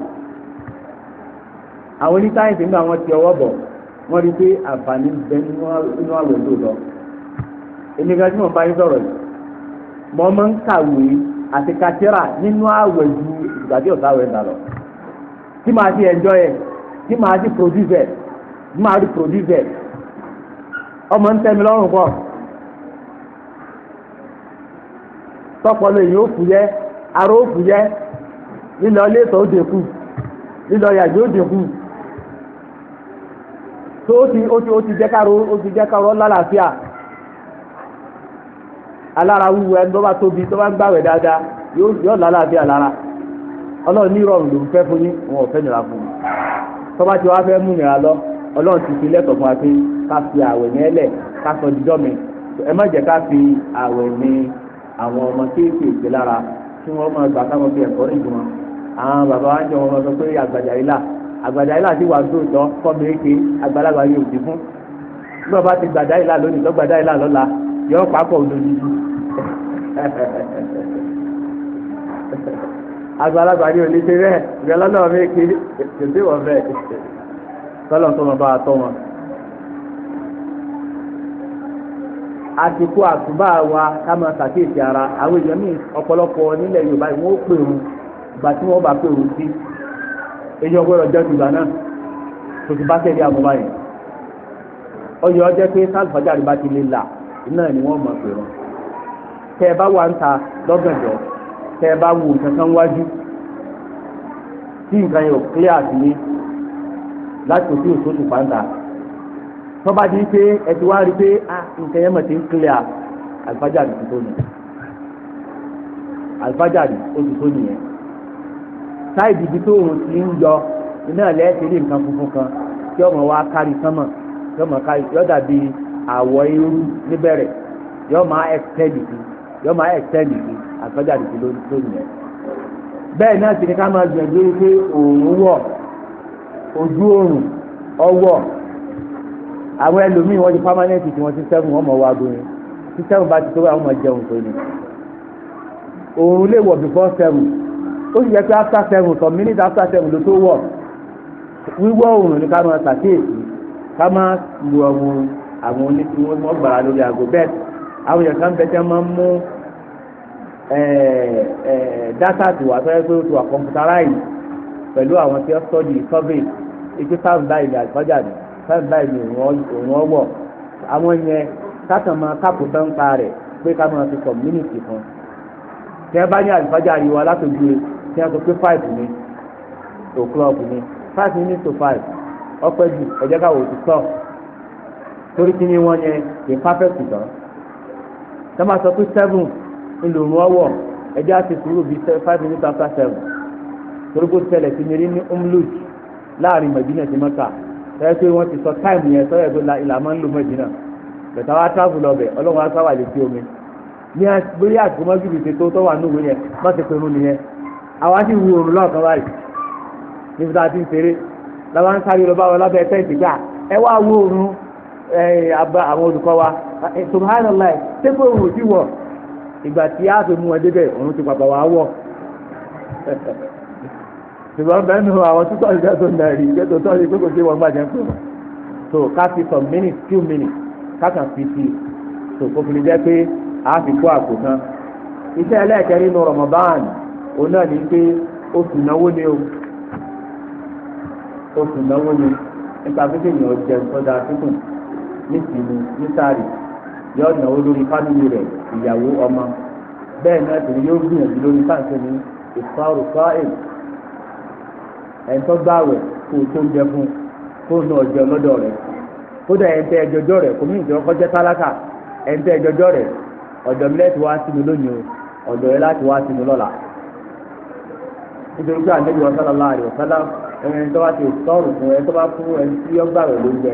àwọn oníṣáyẹ̀nsì ń gbà wọ́n ti ọwọ́ bọ̀ wọ́n rí pé àǹfààní bẹ nínú àwẹ̀ tó lọ. èmi gan tí mo bá yín sọ̀rọ̀ yìí mo máa ń kàwé àti kàtírà nínú àwẹ̀ ju ìgbà tí ọ̀sán àwẹ̀ ń dà lọ. tí màá ti ẹ̀njọ́ yẹ tí màá ti produce ẹ̀ tí màá ti produce ẹ̀ ọmọ ń tẹ́ mi lọ́rùn pọ̀. tọpọlọ èyí ó fúyẹ́ ara ó fúyẹ́ lílọ ilé ìtọ́ ó dínkù lílọ yàgbé ó dínkù. so ó ti ó ti ó ti jẹ́ káró ó ti jẹ́ káró lálàáfíà alára wúwo ẹni tó bá tóbi tó bá ń gbàwẹ̀ dáadáa yóò yọ lálàáfíà lára ní ló ń fún yín wọn ò nira fún un tó bá ti wá fẹ́ mú nira lọ ti fi lẹ́tọ̀ọ́ fún wa pé ká fi àwẹ̀ ní ẹlẹ̀ ká sọ dídọ́ mi ẹ má ká fi àwẹ̀ ní àwọn ọmọ kéékèèké lára kí máa gbà àgbàdá ilà ti wà lóòótọ́ kọ́mi eke àgbàlagbà yóò di fún bí wọ́n bá ti gbàdá ilà lónìí lọ́gbàdá ilà lọ́la yọ pápọ̀ lónìí àgbàlagbà yóò ní ṣe bẹ́ẹ̀ ìrẹ́lọ́nà mi eke tètè wọ̀ bẹ́ẹ̀ tọ́lọ̀ tó lọ bá a tọ́ wọn. àsìkò àtúbà wa ká máa ṣàkíyèsí ara àwọn èèyàn míì ọ̀pọ̀lọpọ̀ nílẹ̀ Yorùbá ìwọ̀n ó pèrò ìgbà tí wọ́n bá pèrò sí èyí ọgbọ́dọ̀ jẹ́ jùlọ náà tó ti bá tẹ̀lé àbúrò yìí ọyọ jẹ́ pé sálùfájàrí bá ti lè là náà ni wọ́n mọ̀ pé rán tẹ́ ẹ bá wà ń ta lọ́gànjọ́ tẹ́ ẹ bá wù kankan wájú tí nǹkan yóò clear sí ní láti òsì òṣòṣù pàǹtà tó bá di pé ẹ e ti wá rí pé nǹkan yẹn mọ̀ ti ń clear àlùfájàrí ti tó nìyẹn àlùfájàrí ó ti tó nìyẹn sáìdì ibi tó òun ti ń yọ iná lẹ́ẹ̀tẹ̀lé nǹkan funfun kan tí ọmọ wa kárí sánmọ̀ tí ọmọ kárí yọ dàbí àwọ̀ irú níbẹ̀rẹ̀ yọ máa ẹ̀kẹ́lì sí yọ máa ẹ̀kẹ́lì sí àtọ́jà dìbò lónìí ẹ̀. bẹ́ẹ̀ náà sì ni ká máa gbìyànjú wípé òòrùn wọ̀ ojú òòrùn ọwọ́ àwọn ẹlòmíì wọ́n di pámánẹ́ǹtì tí wọ́n ti sẹ́fún wọn mọ̀ wá gbóyin tí sẹ́fún bá ti tó wà wọ́n mọ̀ jẹun tó ni òòrùn lè wọ̀ before seven ó sì yẹ pé after seven some minutes after seven ló tó wọ̀ wíwọ̀ oòrùn ni ká máa ṣàkíyèsí ká máa lu ọ̀hún àwọn oníṣòwò wọn gbàrà lórí aago bẹ́ẹ̀ àwọn èèyàn kan bẹ́tẹ́ máa ń mú dátà tó wà sọ́yẹ́ pé ó ti wà kọ̀m̀pútáráì pẹ̀lú àwọn tí ó sọ́ọ̀dì survey ipe five by àgbájá ni five by ní òun ọwọ́ àwọn yẹn kákan máa káàpù bẹ́ńpa rẹ̀ pé ká máa fi community kan tẹ́ ní àlùfájà yìí wá látòjú tí a sọ pé five ni to club ni five minutes to five ọpẹ jù ẹjẹ ká wò ó ti sọ torí kí ni wọn yẹn kì í perfect tán tá a máa sọ pé seven ńlọrọ ọwọ ẹjẹ á ti sùúrù bíi five minutes after seven torí kó tẹ́lẹ̀ sí mi rí ní umluj láàrin Mẹdínà sí Mẹ́kà tẹ́lẹ̀ pé wọ́n ti sọ time yẹn sọ́yẹ̀ tó la ìlà máa ń lo Mẹdínà bẹ̀tà wa travel ọbẹ̀ ọlọ́run á sáwà lè fi omi ní bóyá àgbọ̀mọ́jú bìí ṣe tó tọ́wà ní òwe yẹn má ti pinnu nìyẹn àwa sì wu òrùn lọ́ọ̀kan báyìí níbi tá a ti ń ṣeré làwọn ń sáré lọ bá lábẹ́ tẹ́ǹtì gbà ẹ wá wo òrùn àwọn olùkọ́ wa eh, tẹ́kọ̀ wọ̀ ìgbà tí a mú ẹ débẹ̀ òun ti pàpà wá wọ̀ ṣùgbọ́n bẹ́ẹ̀ nù àwọn tó tọ́jú tó ń darí tó tọ́jú pé kò sí wọn gbàjẹ́ pé so ká fi some minutes few minutes ká kàn fi so kò fi lè jẹ́ pé a fi kó àpò kan iṣẹ́ òun náà ní pé oṣù náwó ni o oṣù náwó ni nípa pé kéèyàn jẹun tó dáa síkùn nísìnyí nítàrí yóò náwó lórí fámìlì rẹ̀ ìyàwó ọmọ bẹ́ẹ̀ náà tèmi yóò gbìyànjú lórí fáǹsẹ̀ ní ìfọ̀rọ̀ ẹ̀ńtọ́ gbààwẹ̀ kó o tó ń jẹ fún náà jẹ kódà ẹ̀ńtẹ́ kò kọjá tálákà ẹ̀ńtẹ́ ọ̀dọ̀ mi láti nítorí pé àlejò ọ̀sán láàrin ọ̀sán ẹni tó bá ti sọ̀rù fún ẹni tó bá fún ẹni tí ó gbàwẹ̀ lóúnjẹ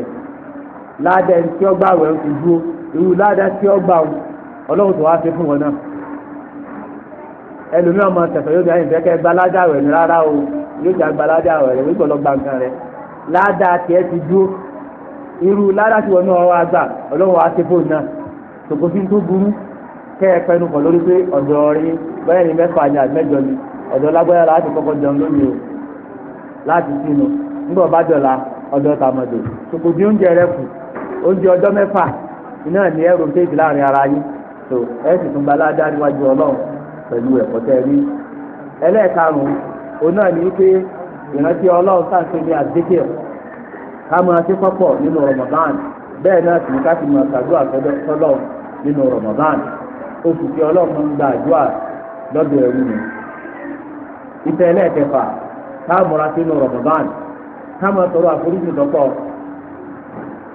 ládà ẹni tí ó ti dúró irú ládà tí ó gbà ó ọlọ́run tó wá ṣe fún wọn náà ẹlòmíràn máa tẹ̀sán yóò dáhìn fẹ́ kẹ́ gba ládà rẹ̀ ní rárá o yóò jà gba ládà rẹ̀ nǹkan rẹ̀ ni mẹ́fà ni ni ọ̀dọ̀ lágbára láti kọ́kọ́ jẹun lónìí o láti sínú nígbà bá dọ̀la ọ̀dọ̀ tàmọ̀dò tòkò bí oúnjẹ rẹ kù oúnjẹ ọjọ́ mẹ́fà iná ní ẹ̀rọ kéèjì láàrin ara yín tó ẹ sì tún gbalá dáríwájú ọlọ́run pẹ̀lú ẹ̀kọ́ tẹ́ rí ẹlẹ́ẹ̀karùn-ún òun náà ní pé ìrántí ọlọ́run ní àdékè ká máa pọ́pọ̀ nínú Ramadan bẹ́ẹ̀ náà sì ní ká fi máa ṣàdúrà sọ́lọ́run nínú Ramadan oṣù tí ọlọ́run gba àdúrà lọ́dọ̀ ẹ̀rú ìfẹ́ ẹlẹ́ẹ̀kẹfà káàmùra sínú Ramadan káàmùra sọ̀rọ̀ àforíjì lọ́pọ̀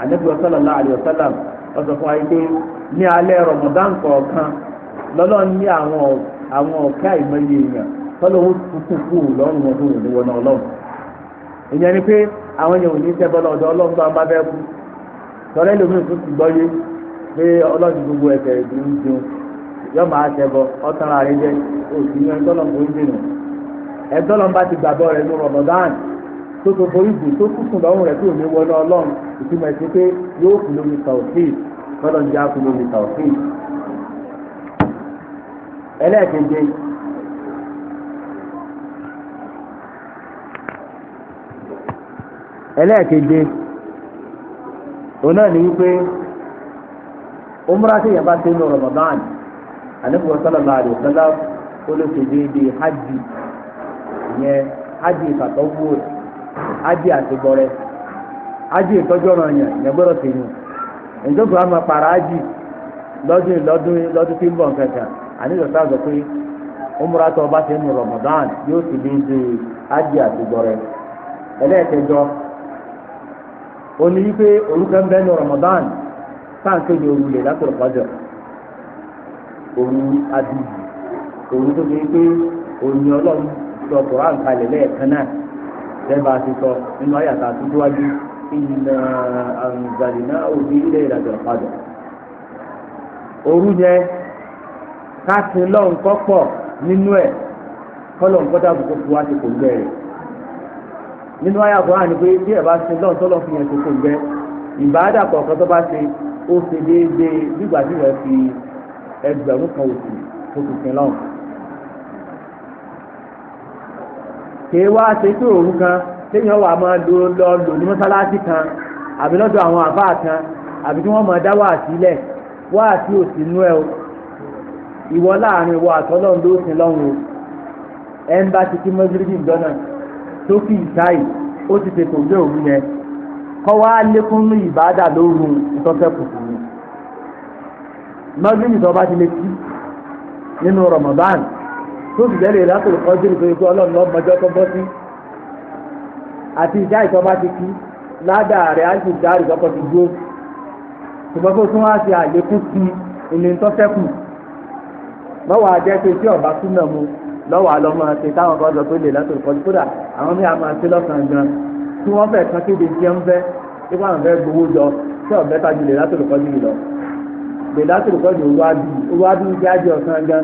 Ànábì sallallahu alaihi wasallam ọ̀sọ̀ fún ayé ní alẹ́ Ramadan kọ̀ọ̀kan lọ́lọ́ ní àwọn ọ̀kẹ́ àìmọye èèyàn tọ́lọ́ kú lọ́rùn wọn ọlọ́run ìyẹn ni pé àwọn ẹ̀dọ́ lọ́nba ti gbàgbọ́ rẹ̀ ní Ramadan tó tó borí jù tó kùsùn lọ́rùn rẹ̀ tó ní wọlé ọlọ́run ìtumọ̀ ẹ̀sìn pé yóò kú lómi tàwọ́fì lọ́dọ̀ ń já kú lómi tàwọ́fì. ẹlẹ́ẹ̀keje ẹlẹ́ẹ̀keje òun náà ní wípé umrah tí yẹn bá ti ń lọ Ramadan àníkùn sallallahu alaihi wasallam ó lè ṣe déédéé hajj ìyẹn ájì ìfàtọ́wò ájì àtìgbọ́rẹ́ ájì ìtọ́jú ọ̀ràn yẹn ìyẹn gbọ́dọ̀ tèmi ìjọba àmọ́ para ájì lọ́dún lọ́dún lọ́dún tí ń bọ̀ kankan àníjọ sáà sọ pé umra tó bá ṣe ń yóò sì ní ṣe ni sọ Quran kalẹ̀ lẹ́ẹ̀kan náà lẹ́ẹ̀bà ti sọ nínú àyàtà tó dúwájú ìnà àǹzàlìná òbí ilé ìlàjọ padà. òru yẹn káàtì lọ́nkọ́ pọ̀ nínú ẹ̀ kọ́lọ̀ ń kọ́dà kókó fún wa ti kò gbẹ̀rẹ̀. nínú àyà Quran ni pé bí ẹ̀ bá ṣe lọ́n tọ́lọ́ fi yẹn kókó gbẹ ìbáàdà kọ̀ọ̀kan tó bá ṣe ó ṣe déédéé nígbà tí wọ́n fi ẹgbẹ̀rún kan òsì tó fi sin kèé wá ṣe pé kan téèyàn wà máa lo lọ lò ní mọ́sálásí kan àbí lọ́dọ̀ àwọn àbá kan àbí kí wọ́n máa dá wá sílẹ̀ wá sí òsínú ẹ o ìwọ láàrin ìwọ àtọ́lọ́run ló sin lọ́run o ẹ ń bá ti kí mọ́gírígì gbọ́nà tó fi ìsáì ó ti tètè gbé òru yẹn kọ́ wá lékún ní ìbádà lóru ìtọ́fẹ́ kùkùrù tó sì jẹ́lẹ̀ látòlù kọ́jú nítorí pé ọlọ́run lọ́ọ́ mọjọ́ tó bọ́ sí àti ìjà ìjọba ti kí ládàá rẹ̀ á sì dárì lọ́kọ̀ ti dúró ṣùgbọ́n tó tún wá ṣe àlékún sí ilé ń tọ́sẹ́kù lọ́wọ́ ajẹ́ pé tí ọ̀bá tún nà mu lọ́wọ́ àlọ́ máa ṣe táwọn kan lọ tó lè látòlù kọ́jú kódà àwọn mí-àá máa ṣe lọ́sàn-án gan tí wọ́n fẹ̀ kan kéde jẹun fẹ́ ipa àwọn fẹ́ gbowó jọ tí ọ̀bẹ tajú lè látòlù kọ́jú lọ lè látòlù kọ́jú owó adùn owó adùn jẹ́ ajé ọ̀sán gan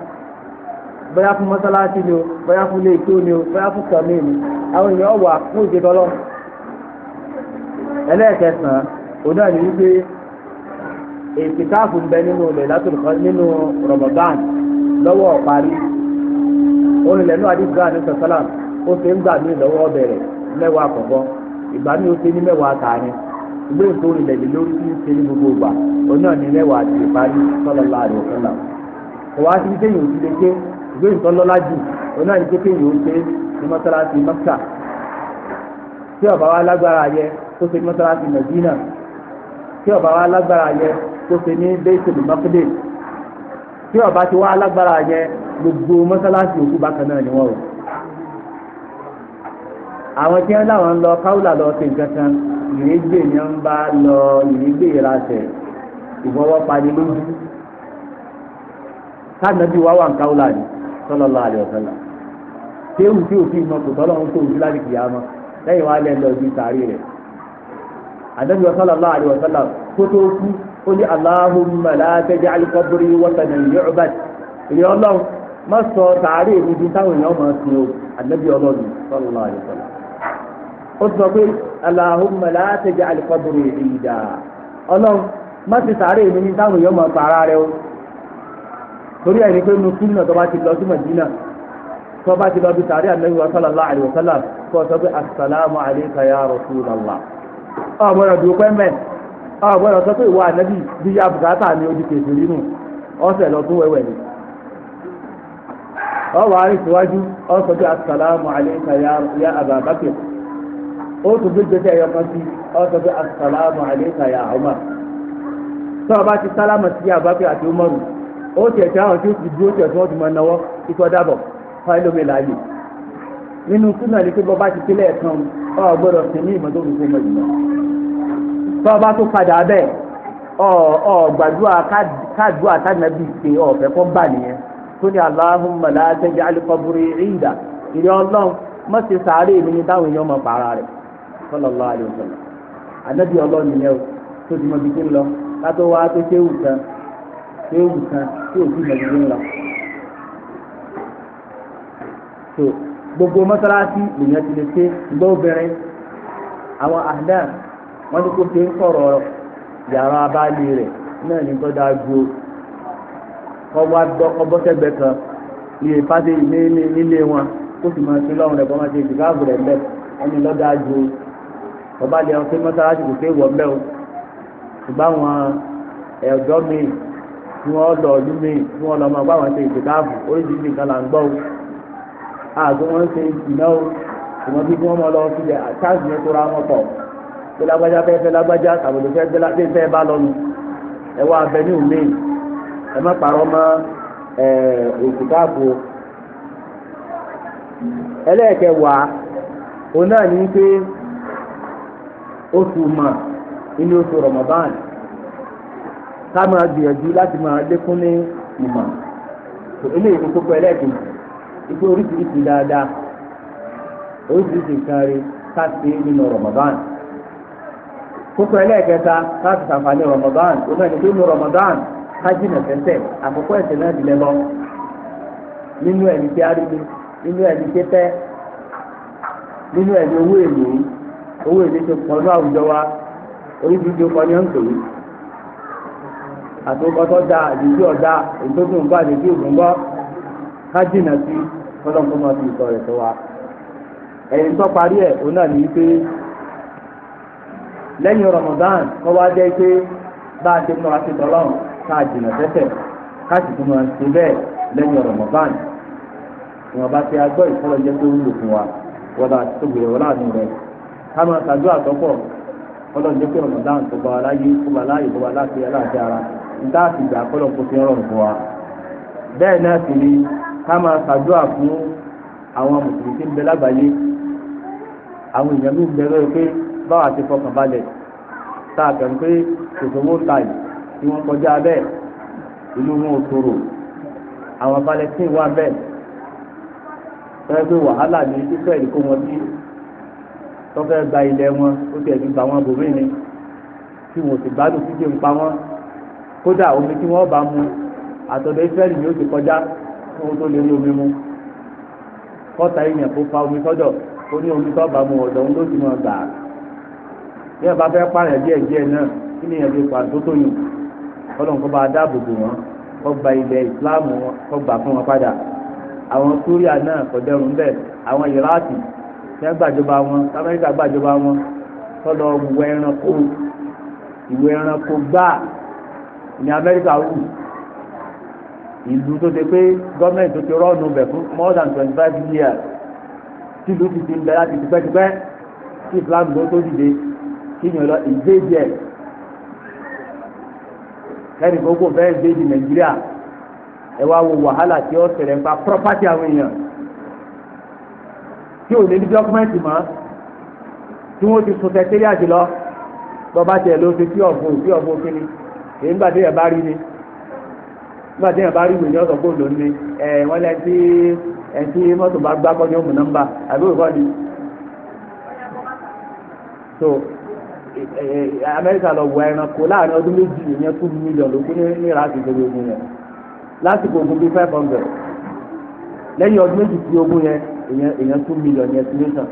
bóyá fún mọ́sálásí ni o bóyá fún ilé ìtó ni o bóyá fún kàmí ni àwọn èèyàn wà fún ìdè tọ́lọ́ ẹlẹ́ẹ̀kẹsàn-án òun náà ní wípé èsì káàfù ń bẹ nínú ilẹ̀ látòlùkọ́ nínú rọ̀mọ̀gán lọ́wọ́ parí olùlẹ̀ náà àdìs gáà ní ó ṣe ń gbà mẹ́wàá àkọ́kọ́ ìgbà ó ṣe ní mẹ́wàá ìgbé gbogbo ìgbà mẹ́wàá àti ìparí sọ́lọ́lá ìwé ìtọ́lọ́lá jù òun náà ní pé kéèyàn ó ṣe ní mọ́sálásí mọ́sà tí ọba wa lágbára yẹ kó ṣe ní mọ́sálásí mẹ́dínà tí ọba wa lágbára yẹ kó ṣe ní bẹ́ẹ̀sì mọ́kídé tí ọba ti wá lágbára yẹ gbogbo mọ́sálásí òkú bákan náà ni wọ́n rò àwọn tí wọn láwọn lọ káwùlà lọ sí nǹkan kan ìrégbè ni wọn bá lọ ìrégbè ìrasẹ ìfọwọ́pani lójú káàdínàbí wà wà ń káwùlà ni sallallahu alaihi wasallam téwù tí òfin mọ kò tọ́lọ́ ń tó òfin láti kìí àmọ́ lẹ́yìn wá lẹ́ lọ sí sàárì rẹ̀ àdébí sallallahu alaihi wasallam kó tó kú ó ní Allahumma la taj'al qabri watanan yu'bad ìrìn ọlọ́run má sọ sàárì mi di táwọn èèyàn máa sin o àdébí ọlọ́run sallallahu alaihi wasallam ó sọ pé Allahumma la taj'al qabri ìdá ọlọ́run má ti sàárì mi ní táwọn èèyàn máa pa ara rẹ o torí ẹni pé nukun náà tó bá ti lọ sí Madina tó bá ti lọ bí sàárẹ̀ ànábi wa sallallahu alayhi wa sallam kó o sọ pé asalaamu alayka ya rasulallah ọ̀gbọ́dọ̀ dùn pẹ́ mẹ́ ọ̀gbọ́dọ̀ sọ pé ìwà ànábì bí yá bùkátà ni ó di kèsì nínú ọ̀sẹ̀ lọ tún wẹ̀wẹ̀ ni ọwọ́ àríṣíwájú ó sọ pé asalaamu alayka ya ababakir ó tún bí gbèsè ẹ̀yọ kan sí ó sọ pé asalaamu alayka ya Umar ó tẹ̀sẹ̀ àwọn tí ó ti dúró tẹ̀sẹ̀ wọ́n ti máa náwó kíkọ́ dábọ̀ fún láàyè nínú súnà ní pé bọ́ba ti kílẹ̀ kan ọ gbọ́dọ̀ sí ní ìmọ̀tò gbogbo ọmọ ìgbà tọ́ ọba tó padà ọ gbàdúrà tánàbí pé ọ̀fẹ́ kọ́ bà nìyẹn tó ní ọlọ́run sàárè mi ní táwọn èèyàn mọ̀ pààrà rẹ̀ léwu kan tí ò sí ìmọ̀lẹ́wé ńlá. so gbogbo mọ́sálásí lèyàn ti lè ṣe ìgbọ́ obìnrin àwọn àdán wọ́n ní kó ṣe ń kọ̀rọ̀ yàrá abáàlì rẹ̀ náà ní tọ́jà ju ọbọ̀sẹ̀gbẹ̀ kan ní ìfásẹ̀ nílé wọn kó sì máa ṣe lọ́rùn rẹ̀ kó máa ṣe ìdìgáàbò rẹ̀ bẹ́ẹ̀ ẹni lọ́dà ju ọba lè ọtí mọ́sálásí kò ṣe é wọ̀ bẹ́ẹ̀ o ṣùgbọ́n àwọn ẹ̀dọ́ tí wọ́n lọ ọdún mi tí wọ́n lọ máa bá wọn ṣe o àti wọ́n ń ṣe ìsìná o ìmọ̀ bí wọ́n mọ lọ fi táàsì yẹn tóra wọn pọ̀ pé lágbájá fẹ́ fẹ́ lágbájá tàbùdó fẹ́ fẹ́ fẹ́ bá lọ́nu ẹ abẹ ní ẹ má parọ́ mọ́ ẹlẹ́ẹ̀kẹwàá o náà ní pé oṣù inú oṣù ká máa gbìyànjú láti máa lékún ní ìmọ̀ ilé ìlú kókó ẹlẹ́ẹ̀kejì ikú oríṣiríṣi dáadáa oríṣiríṣi nǹkan rí ká nínú Ramadan kókó ẹlẹ́ẹ̀kẹta ká sàǹfààní Ramadan òun ẹni tó Ramadan ká jìnà àkókò ẹ̀sẹ̀ náà nínú ẹni tí a rí mi nínú ẹni tí nínú ẹni owó èlé owó èlé tó pọ̀ àtòkọtọ da àdìsí ọdá ìtòkùn nǹkan àdìsí ògùn gbọ kájìnà sí ti ìtọ tó wa ẹ̀yìn tó parí ẹ̀ òun náà nìyí pé lẹ́yìn Ramadan kọ́ a ṣe múra sí tọ́lọ́run ká tẹ́tẹ̀ ká ṣe bẹ́ẹ̀ lẹ́yìn Ramadan ìwọ̀n bá ti agbọ́ ìfọ́lọ́ jẹ́ wúlò fún wa wọ́n tó rẹ̀ ká máa kọ́lọ́ níta sì gbà kọ́lọ̀ kó fi rọrùn fún wa bẹ́ẹ̀ náà sì ni ká máa ṣàdúrà fún àwọn mùsùlùmí tí ń bẹ lágbàáyé àwọn èèyàn ń bẹ lórí pé báwa ti fọkàn balẹ̀ tá a kàn pé kòsòwò ta yìí tí wọ́n kọjá bẹ́ẹ̀ ìlú wọn ò tòrò àwọn palestine wà bẹ́ẹ̀ fẹ́ẹ́ gbé wàhálà ní israel kó wọn sí tọ́fẹ́ gba ilẹ̀ wọn ó ti ẹ̀sìn wọn bòmí ni tí wọn ò sì gbádùn títí ń pa wọn kódà omi tí wọ́n bá mú àtọ̀dọ̀ Ísírẹ́lì ni ó ti kọjá fún ohun tó lè omi mú kọta ìyẹn kó fa omi sọ́dọ̀ ó ní omi tó bá mú ọdọ ló ti mọ̀ gbà á bí ẹ bá fẹ́ pààyàn díẹ̀ díẹ̀ náà kí ni fi pa tó tó yìn bá dáàbò bò gba ìsìláàmù wọn gbà fún wọn padà àwọn Súríà náà àwọn tí ní Amẹ́ríkà wù ìlú tó ṣe pé gọ́ọ̀mẹ̀ntì tó ti rọ́ọ̀nù bẹ̀ fún more than twenty five years tí ìlú ti ti ń bẹ láti tipẹ́tipẹ́ tí Islam ló tó dìde kí ni ọlọ ìgbéjì ẹ̀ kẹ́ni gbogbo fẹ́ẹ́ gbéjì Nàìjíríà ẹ wá wo wàhálà tí ó ṣẹlẹ̀ nípa property àwọn èèyàn tí ò lè ní dọ́kúmẹ́ǹtì mọ́ tí wọ́n ti sọ sẹ́tẹ́rì àjùlọ bọ́ba tiẹ̀ ló ṣe tí ọ̀gbọ́n tí ọ̀gbọ́n kíni èyí nígbà téèyàn bá rí ni nígbà téèyàn bá rí ìwé yẹn ọ̀sán gbòòdò ni ẹ wọ́n lẹ́ tí ẹ tí mọ́tò bá gbá kọ́ ní ọmọ so amẹ́ríkà lọ wọ ẹranko láàrin ọdún méjì ìyẹn two million ló kú ní ìrásì gbogbo ogun yẹn lásìkò ogun five hundred lẹ́yìn ọdún méjì tí ogun yẹn èèyàn two million ní estimation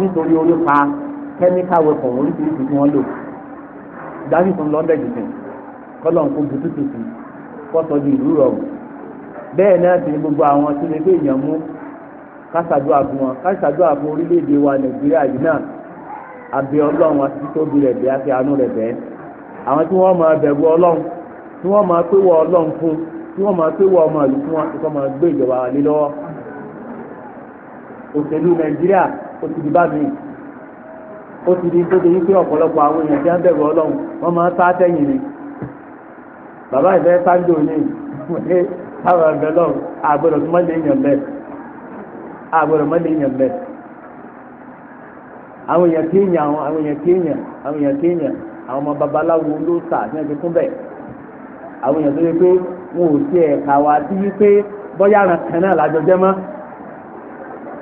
nítorí orí pa chemical weapon oríṣiríṣi tí wọ́n lò dájú tó ń lọ bẹ́ẹ̀ jùlọ kọ́lọ̀ ń kó butu tuntun kọ́sọ́ di ìlú rọrùn bẹ́ẹ̀ náà sì ni gbogbo àwọn tí lè gbé èèyàn mú kásàdúrà fún wọn kásàdúrà fún orílẹ̀-èdè wa nàìjíríà yìí náà àbẹ̀ ọlọ́run àti títóbi rẹ̀ bẹ́ẹ̀ àti àánú rẹ̀ bẹ́ẹ̀ àwọn tí wọ́n máa bẹ̀rù ọlọ́run tí wọ́n máa pé wọ ọlọ́run fún tí wọ́n máa pé wọ ọmọ ìlú fún wọn tí wọ́n máa gbé ìjọba ó ti di tó ti yí pé ọ̀pọ̀lọpọ̀ àwọn èèyàn tí wọ́n bẹ̀rù ọlọ́run wọ́n máa ń sá sẹ́yìn ni bàbá ìfẹ́ sáńdò ní àwọn àgbọ̀dọ̀ tó bẹ́ẹ̀ àgbọ̀dọ̀ bẹ́ẹ̀ àwọn èèyàn tí èèyàn àwọn àwọn èèyàn tí èèyàn àwọn èèyàn tí àwọn ọmọ babaláwo ló sà ní ẹgbẹ́ fún bẹ́ẹ̀ àwọn èèyàn tó yẹ pé wọn ò sí wípé bọ́yá ara kan náà lájọ jẹ́ mọ́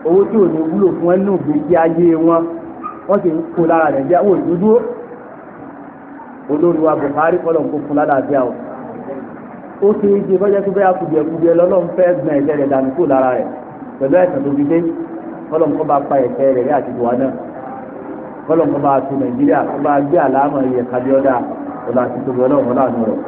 owó tí ò ní wúlò fún ẹnu wọ́n sì ń kó lára rẹ̀ bíi àwọn òdúdú olórí wa Buhari kọ́ lọ́n kó fún lára bíi àwọn ó ti ń ṣe bọ́jà tó bẹ́yà kùdìẹ̀kùdìẹ̀ lọ́lọ́run fẹ́ gbọ́n ẹ̀jẹ̀ rẹ̀ dànù kó lára rẹ̀ pẹ̀lú ẹ̀sán tó fi dé kọ́lọ́n kọ́ bá pa ẹ̀fẹ́ rẹ̀ rí àti ìwà náà kọ́lọ́n kọ́ bá tu Nàìjíríà kọ́ bá gbé àlámọ̀ iye kábíọ́dà ọ̀là àti tòbí ọlọ́run ọlọ́run rẹ̀.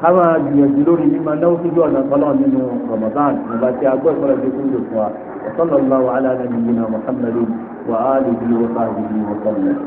ká máa gbìyànjú lórí وصلى الله على نبينا محمد وآله وصحبه وسلم